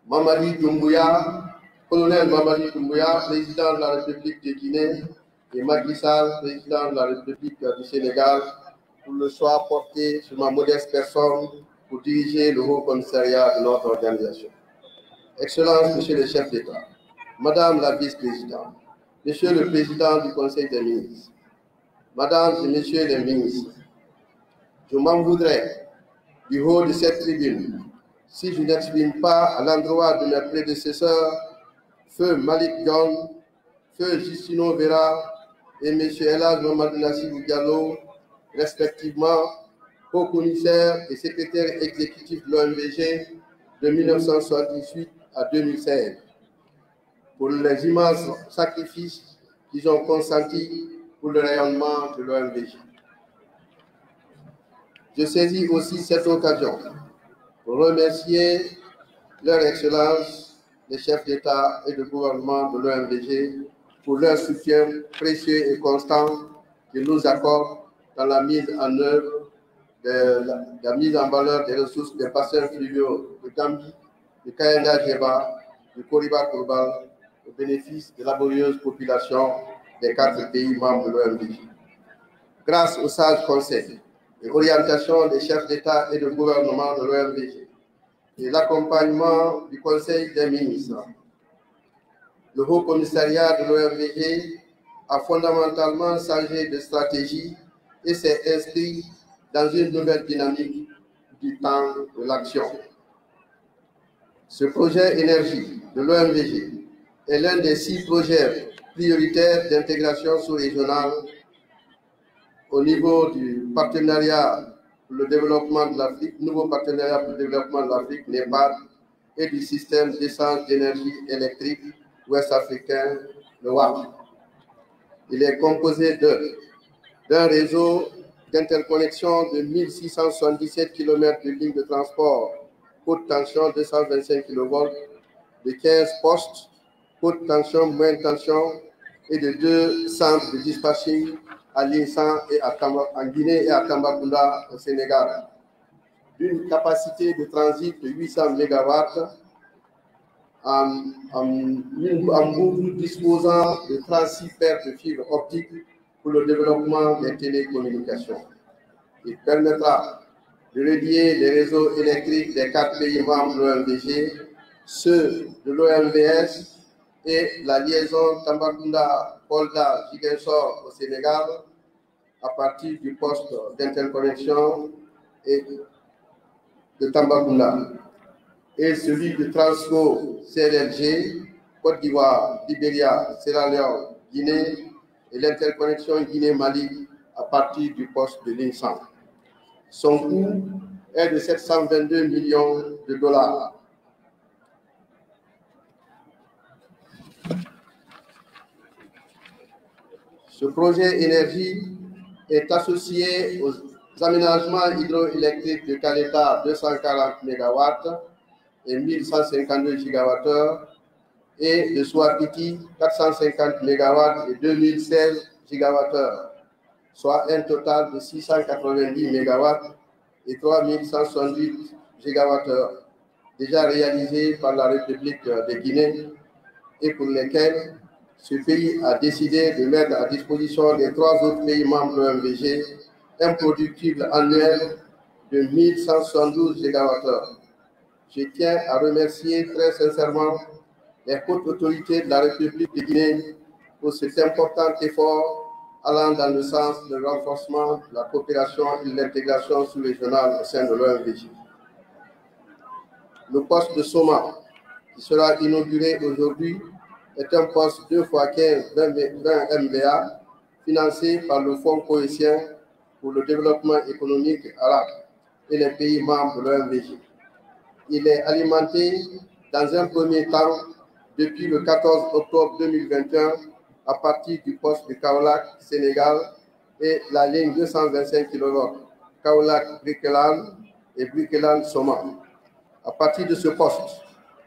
Mamadi Doumbouya, colonel Mamadi Doumbouya, président de la République de Guinée, et Macky président de la République du Sénégal, pour le soir porté sur ma modeste personne pour diriger le Haut Commissariat de notre organisation. Excellence, Monsieur le chef d'État, Madame la vice-présidente, Monsieur le Président du Conseil des ministres, Madame et Messieurs les ministres, je m'en voudrais du haut de cette tribune si je n'exprime pas à l'endroit de mes prédécesseurs, Feu Malik John, Feu Justino Vera et M. Ella Mamadou Nassibou respectivement, co commissaire et secrétaire exécutif de l'OMVG de 1978 à 2016 pour les immenses sacrifices qu'ils ont consentis pour le rayonnement de l'OMVG. Je saisis aussi cette occasion pour remercier leur Excellence, les chefs d'État et de gouvernement de l'OMVG, pour leur soutien précieux et constant qu'ils nous accordent dans la mise en œuvre de la, mise en valeur des ressources des passeurs fluviaux de Gambie, de Kayenga-Jeba, de Koriba-Korbal au bénéfice des laborieuses populations des quatre pays membres de l'OMVG. Grâce au sage conseil et orientations des chefs d'État et de gouvernement de l'OMVG et l'accompagnement du Conseil des ministres, le Haut Commissariat de l'OMVG a fondamentalement changé de stratégie et s'est inscrit dans une nouvelle dynamique du temps de l'action. Ce projet énergie de l'OMVG est l'un des six projets prioritaires d'intégration sous-régionale au niveau du partenariat pour le développement de l'Afrique, nouveau partenariat pour le développement de l'Afrique, Népal, et du système d'essence d'énergie électrique ouest africain, le WAP. Il est composé d'un réseau d'interconnexion de 1677 km de lignes de transport haute tension 225 kV de 15 postes haute tension, moindre tension, et de deux centres de dispatching à Linsan et à en Guinée et à Tambacounda au Sénégal. D'une capacité de transit de 800 MW en, disposant de 36 paires de fibres optiques pour le développement des télécommunications. Il permettra de relier les réseaux électriques des quatre pays membres de l'OMDG, ceux de l'OMVS et la liaison tambacounda polda Gigensor au Sénégal à partir du poste d'interconnexion de Tambacounda et celui de Transco crg Côte d'Ivoire, Libéria, Sierra Leone, Guinée et l'interconnexion Guinée-Mali à partir du poste de l'INSAN. Son coût est de 722 millions de dollars Ce projet énergie est associé aux aménagements hydroélectriques de Caleta 240 MW et 1152 GWh et de Swapiti 450 MW et 2016 GWh, soit un total de 690 MW et 3168 GWh déjà réalisés par la République de Guinée et pour lesquels ce pays a décidé de mettre à disposition des trois autres pays membres de l'OMVG un productible annuel de 1172 GWh. Je tiens à remercier très sincèrement les hautes autorités de la République de Guinée pour cet important effort allant dans le sens de renforcement de la coopération et de l'intégration sous-régionale au sein de l'OMVG. Le poste de Soma, qui sera inauguré aujourd'hui, est un poste 2 fois 15 20 MBA financé par le Fonds cohésien pour le développement économique arabe et les pays membres de l'OMVG. Il est alimenté dans un premier temps depuis le 14 octobre 2021 à partir du poste de Kaolac, Sénégal et la ligne 225 km Kaolac-Brikeland et Brikeland-Soma. À partir de ce poste,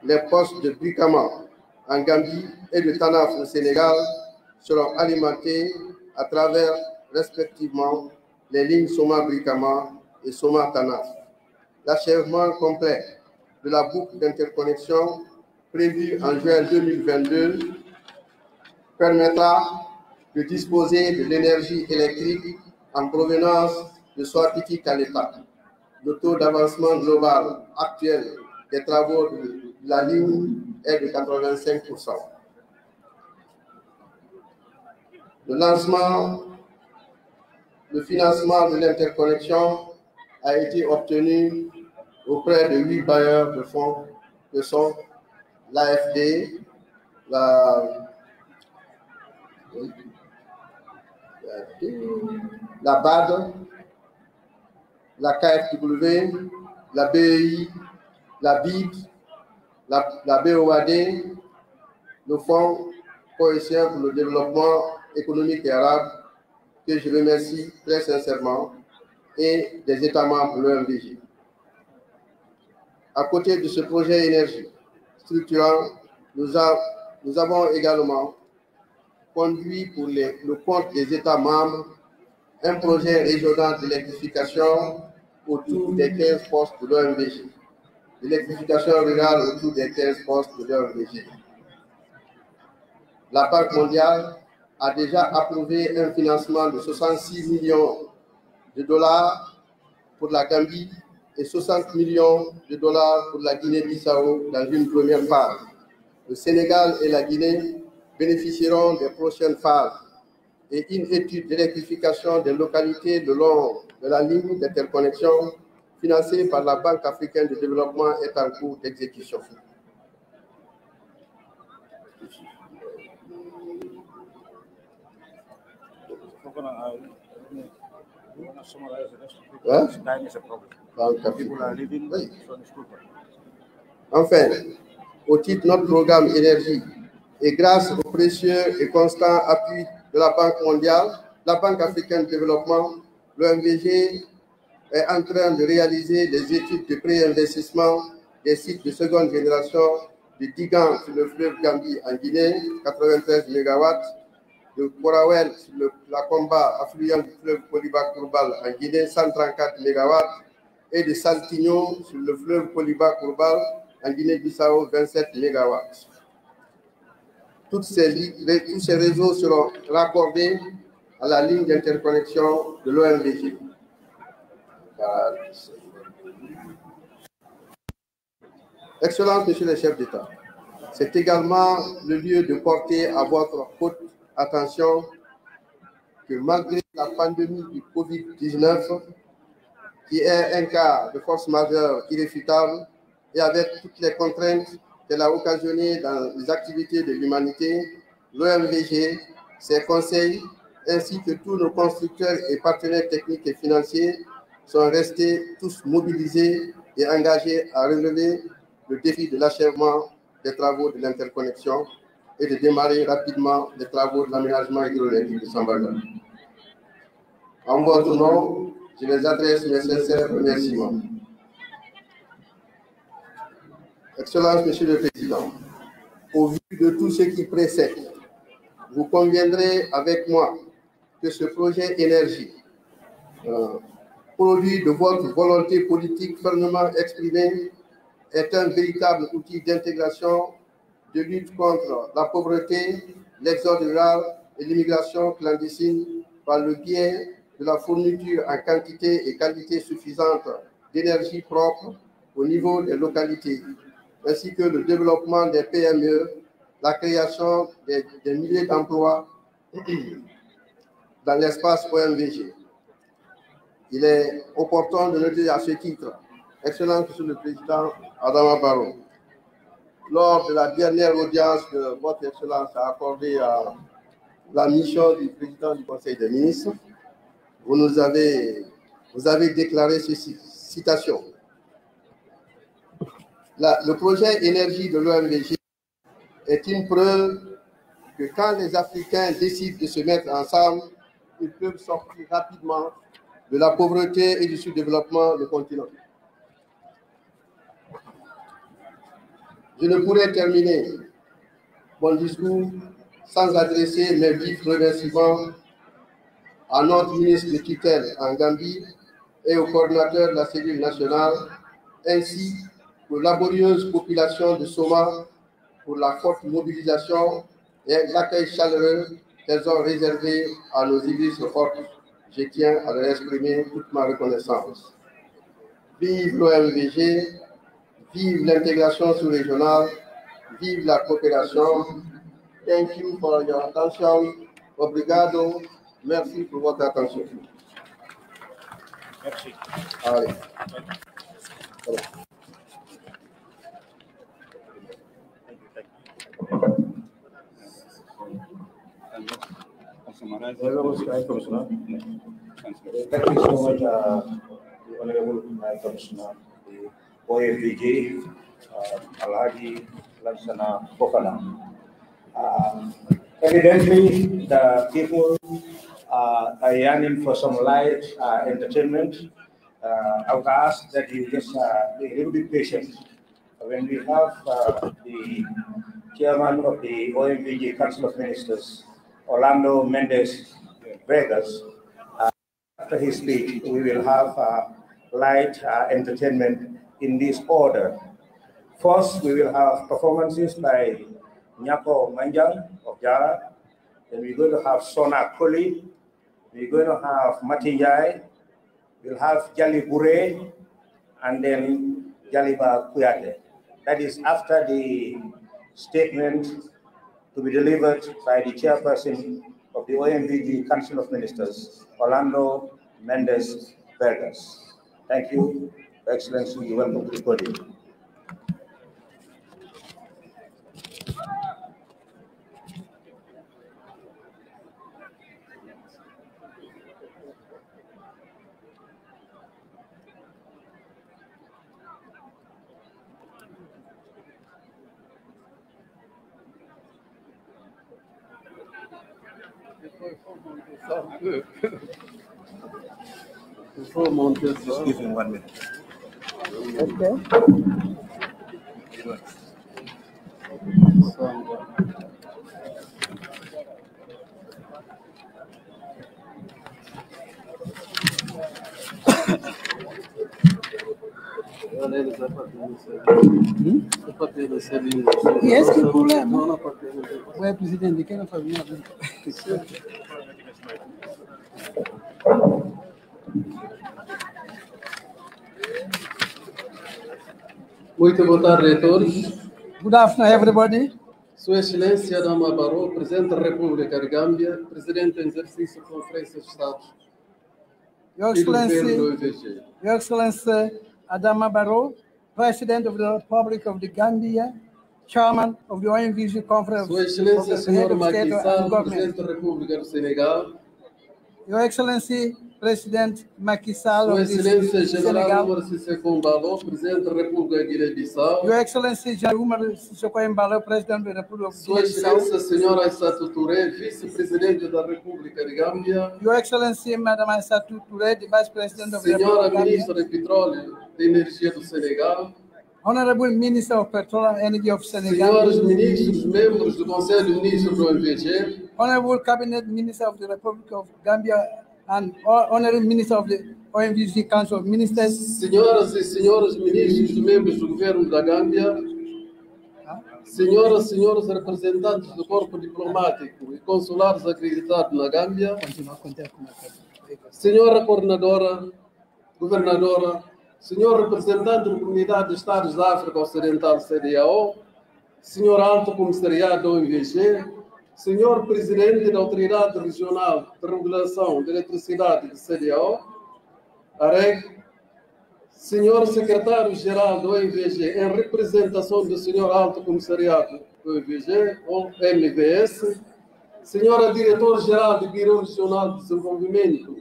les postes de Bikama en Gambie et le Tanaf au Sénégal seront alimentés à travers respectivement les lignes Soma Bricama et Soma Tanaf. L'achèvement complet de la boucle d'interconnexion prévue en juin 2022 permettra de disposer de l'énergie électrique en provenance de à l'État. Le taux d'avancement global actuel des travaux de la ligne est de 85%. Le lancement, le financement de l'interconnexion a été obtenu auprès de huit bailleurs de fonds que sont l'AFD, la, la BAD, la KFW, la BEI, la BIP, la, BOAD, le Fonds cohésien pour le développement économique et arabe, que je remercie très sincèrement, et des États membres de l'OMVG. À côté de ce projet énergie structurant, nous, avons également conduit pour le compte des États membres un projet régional d'électrification autour des 15 postes de l'OMBG l'électrification rurale autour des terres postes de leur La Banque mondiale a déjà approuvé un financement de 66 millions de dollars pour la Gambie et 60 millions de dollars pour la Guinée-Bissau dans une première phase. Le Sénégal et la Guinée bénéficieront des prochaines phases et une étude d'électrification des localités de long de la ligne d'interconnexion financé par la Banque africaine de développement est en cours d'exécution. Hein? Enfin, au titre de notre programme énergie et grâce au précieux et constant appui de la Banque mondiale, la Banque africaine de développement, l'OMVG est en train de réaliser des études de pré-investissement des sites de seconde génération de Digan sur le fleuve Gambie en Guinée, 93 MW, de Korawel sur le, la Comba affluent du fleuve Poliba-Courbal en Guinée, 134 MW, et de Saltignon sur le fleuve Poliba-Courbal en Guinée-Bissau, 27 MW. Toutes ces, tous ces réseaux seront raccordés à la ligne d'interconnexion de l'OMVG. Excellence, Monsieur le chef d'État, c'est également le lieu de porter à votre haute attention que malgré la pandémie du COVID-19, qui est un cas de force majeure irréfutable et avec toutes les contraintes qu'elle a occasionnées dans les activités de l'humanité, l'OMVG, ses conseils, ainsi que tous nos constructeurs et partenaires techniques et financiers sont restés tous mobilisés et engagés à relever le défi de l'achèvement des travaux de l'interconnexion et de démarrer rapidement les travaux de l'aménagement hydrologique de Sambaga. En votre nom, je les adresse mes sincères remerciements. Excellence, Monsieur le Président, au vu de tout ce qui précède, vous conviendrez avec moi que ce projet énergie, euh, produit de votre volonté politique fermement exprimée, est un véritable outil d'intégration, de lutte contre la pauvreté, l'exode rural et l'immigration clandestine par le biais de la fourniture en quantité et qualité suffisante d'énergie propre au niveau des localités, ainsi que le développement des PME, la création des, des milliers d'emplois dans l'espace OMVG il est opportun de noter à ce titre, Excellence Monsieur le Président Adama Barrow, lors de la dernière audience que Votre Excellence a accordée à la mission du Président du Conseil des ministres, vous nous avez, vous avez déclaré ces citation. le projet énergie de l'OMVG est une preuve que quand les Africains décident de se mettre ensemble, ils peuvent sortir rapidement de la pauvreté et du sous-développement du continent. Je ne pourrais terminer mon discours sans adresser mes vifs remerciements à notre ministre de tutelle en Gambie et au coordinateur de la cellule nationale, ainsi que qu'aux laborieuses populations de Soma pour la forte mobilisation et l'accueil chaleureux qu'elles ont réservé à nos églises fortes je tiens à exprimer toute ma reconnaissance. Vive l'OMVG, vive l'intégration sous-régionale, vive la coopération. Thank you for your attention. Obrigado. Merci pour votre attention. Merci. Thank you so much, uh, Honorable Commissioner, the OFDG, uh, Alhaji Uh, evidently, the people uh, are yearning for some light uh, entertainment. Uh, I would ask that you just uh, be a little bit patient. When we have uh, the chairman of the OMVG Council of Ministers Orlando Mendez Vegas. Uh, after his speech, we will have uh, light uh, entertainment in this order. First, we will have performances by Nyako Manjang of Jara. Then we're going to have Sona We're going to have Mati Yai. We'll have Jali Bure and then Jaliba Kuyate. That is after the statement to be delivered by the chairperson of the OMBG Council of Ministers, Orlando Mendes Vargas. Thank you, Excellency. Welcome to the podium. Just give him one minute. Okay. Hmm? E esse que o problema fue presidente, que no sabía. Muito boa tarde a todos. Good afternoon, everybody. Sua Excelência Dama Baró, Presidente da República de Gâmbia, Presidente em exercício da Conferência de Estados. Your Excellency, Your Excellency Adama Barrow, President of the Republic of the Gambia, Chairman of the OMVC Conference Su Excelencia, of the Head of State and Government. Senegal. Your Excellency, Presidente Macky Sall of the Senegal. Presidente da República Guiné-Bissau. Your Excellency General Umar Sissoko Embalo, President da República Guiné-Bissau. Sua Excelência Senhora Aissatou Touré, Vice-Presidente da República de Gâmbia. Your Excellency Madame Aissatou Touré, Vice President of the Senhora República Ministra de Petróleo e Energia do Senegal. Honorable Minister of Petroleum and Energy of Senegal. Senhores ministros, membros do Conselho de Ministros do MVG. Honorable Cabinet Minister of the Republic of Gambia and Honorable Minister of the OMVG Council of Ministers. Senhoras e senhores ministros, e membros do governo da Gâmbia, senhoras e senhores representantes do corpo diplomático e consulares acreditados na Gâmbia, senhora coordenadora, governadora, senhor representante da Comunidade de Estados da África Ocidental, CDAO, senhor alto comissariado do OMVG, Senhor Presidente da Autoridade Regional de Regulação de Eletricidade de CDAO, AREG, Senhor Secretário-Geral do OIVG, em representação do Senhor Alto Comissariado do OIVG, ou MVS, Senhora Diretora-Geral do Biro Regional de Desenvolvimento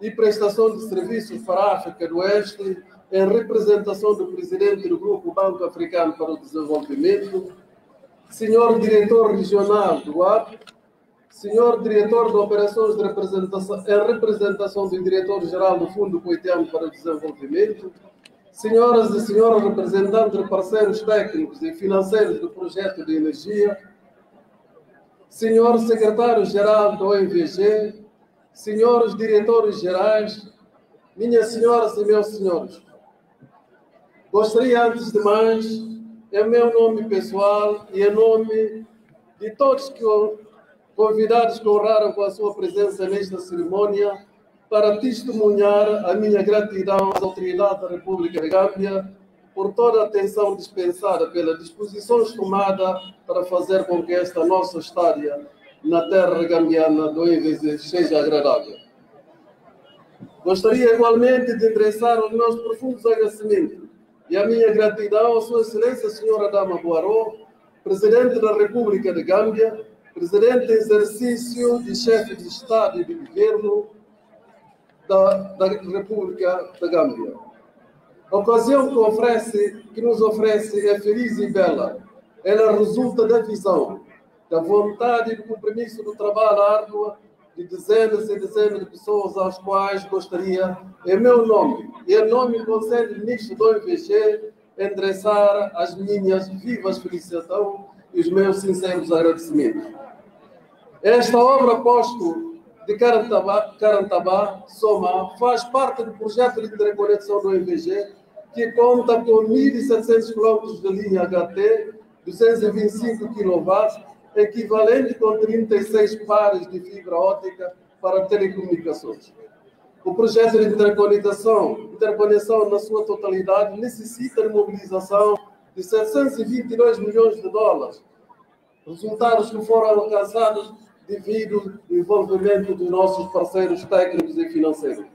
e Prestação de Serviços para a África do Oeste, em representação do Presidente do Grupo Banco Africano para o Desenvolvimento, senhor diretor regional do AP, senhor diretor de operações de representação, em representação do diretor-geral do Fundo Coitiano para o Desenvolvimento, senhoras e senhores representantes de parceiros técnicos e financeiros do projeto de energia, senhor secretário-geral do OMVG, senhores diretores gerais, minhas senhoras e meus senhores. Gostaria, antes de mais, é meu nome pessoal e em é nome de todos que convidados que honraram com a sua presença nesta cerimônia para testemunhar a minha gratidão às autoridades da República de Gâmbia por toda a atenção dispensada pelas disposições tomadas para fazer com que esta nossa história na terra gambiana do Inglês seja agradável. Gostaria igualmente de endereçar os meus profundos agradecimentos e a minha gratidão à Sua Excelência, Senhora Dama Boaró, Presidente da República de Gâmbia, Presidente em exercício e Chefe de Estado e de Governo da, da República da Gâmbia. A ocasião que, oferece, que nos oferece é feliz e bela. Ela resulta da visão, da vontade e do compromisso do trabalho árduo de dezenas e dezenas de pessoas às quais gostaria, em meu nome e em nome do Conselho de Ministros do OMVG, endereçar as minhas vivas felicitações e os meus sinceros agradecimentos. Esta obra posto de Carantabá, Carantabá Soma faz parte do projeto de interconexão do OMVG, que conta com 1.700 km de linha HT, 225 kW, equivalente com 36 pares de fibra ótica para telecomunicações. O projeto de interconexão, interconexão na sua totalidade necessita de mobilização de 722 milhões de dólares, resultados que foram alcançados devido ao envolvimento dos nossos parceiros técnicos e financeiros.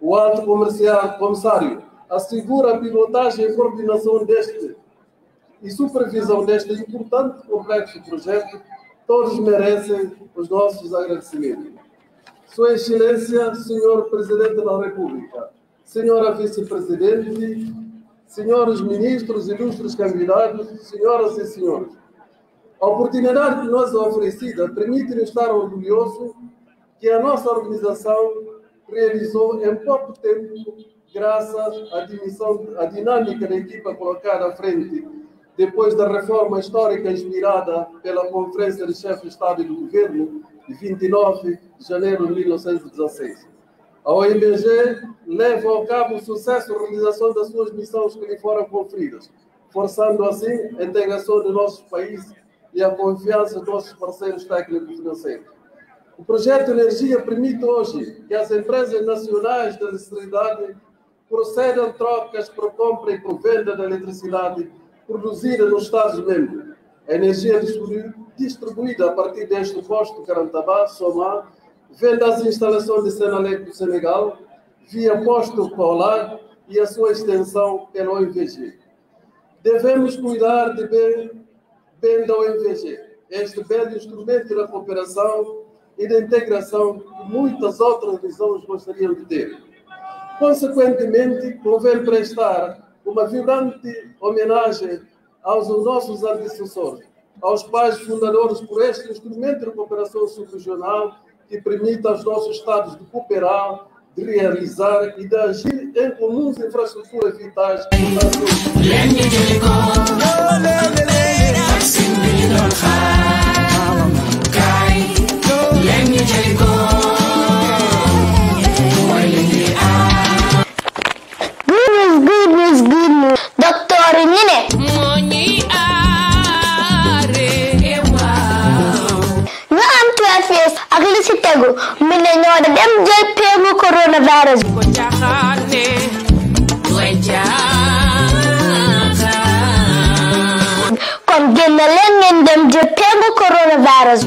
O alto comercial, comissário assegura a pilotagem e coordenação deste e supervisão deste importante e complexo projeto, todos merecem os nossos agradecimentos. Sua Excelência, Senhor Presidente da República, Senhora Vice-Presidente, Senhores Ministros, ilustres candidatos, Senhoras e Senhores, a oportunidade que nos é oferecida permite-nos estar orgulhosos que a nossa organização realizou em pouco tempo, graças à, dimissão, à dinâmica da equipa colocada à frente depois da reforma histórica inspirada pela Conferência de Chefes de Estado e do Governo, de 29 de janeiro de 1916. A ONG leva ao cabo o sucesso a realização das suas missões que lhe foram conferidas, forçando assim a integração do nosso país e a confiança dos nossos parceiros técnicos e financeiros O projeto Energia permite hoje que as empresas nacionais da eletricidade procedam trocas por compra e por venda da eletricidade produzida nos Estados-membros. A energia distribuída a partir deste posto de Carantabá, Soma, vem das instalações de Senalec do Senegal, via posto Paular e a sua extensão pela OMVG. Devemos cuidar de bem, bem da OMVG, este belo é instrumento da cooperação e da integração que muitas outras visões gostariam de ter. Consequentemente, convém prestar uma vibrante homenagem aos nossos antecessores, aos pais fundadores por este instrumento de cooperação subregional que permite aos nossos Estados de cooperar, de realizar e de agir em comuns infraestruturas vitais. woori ñu ne moo ñuy aare ñu am twelve years ak li ci tegu mi ne ñoo da dem jël peegu coronavirus ko jaxaane way jaata kon génn leen ngeen dem jël peegu coronavirus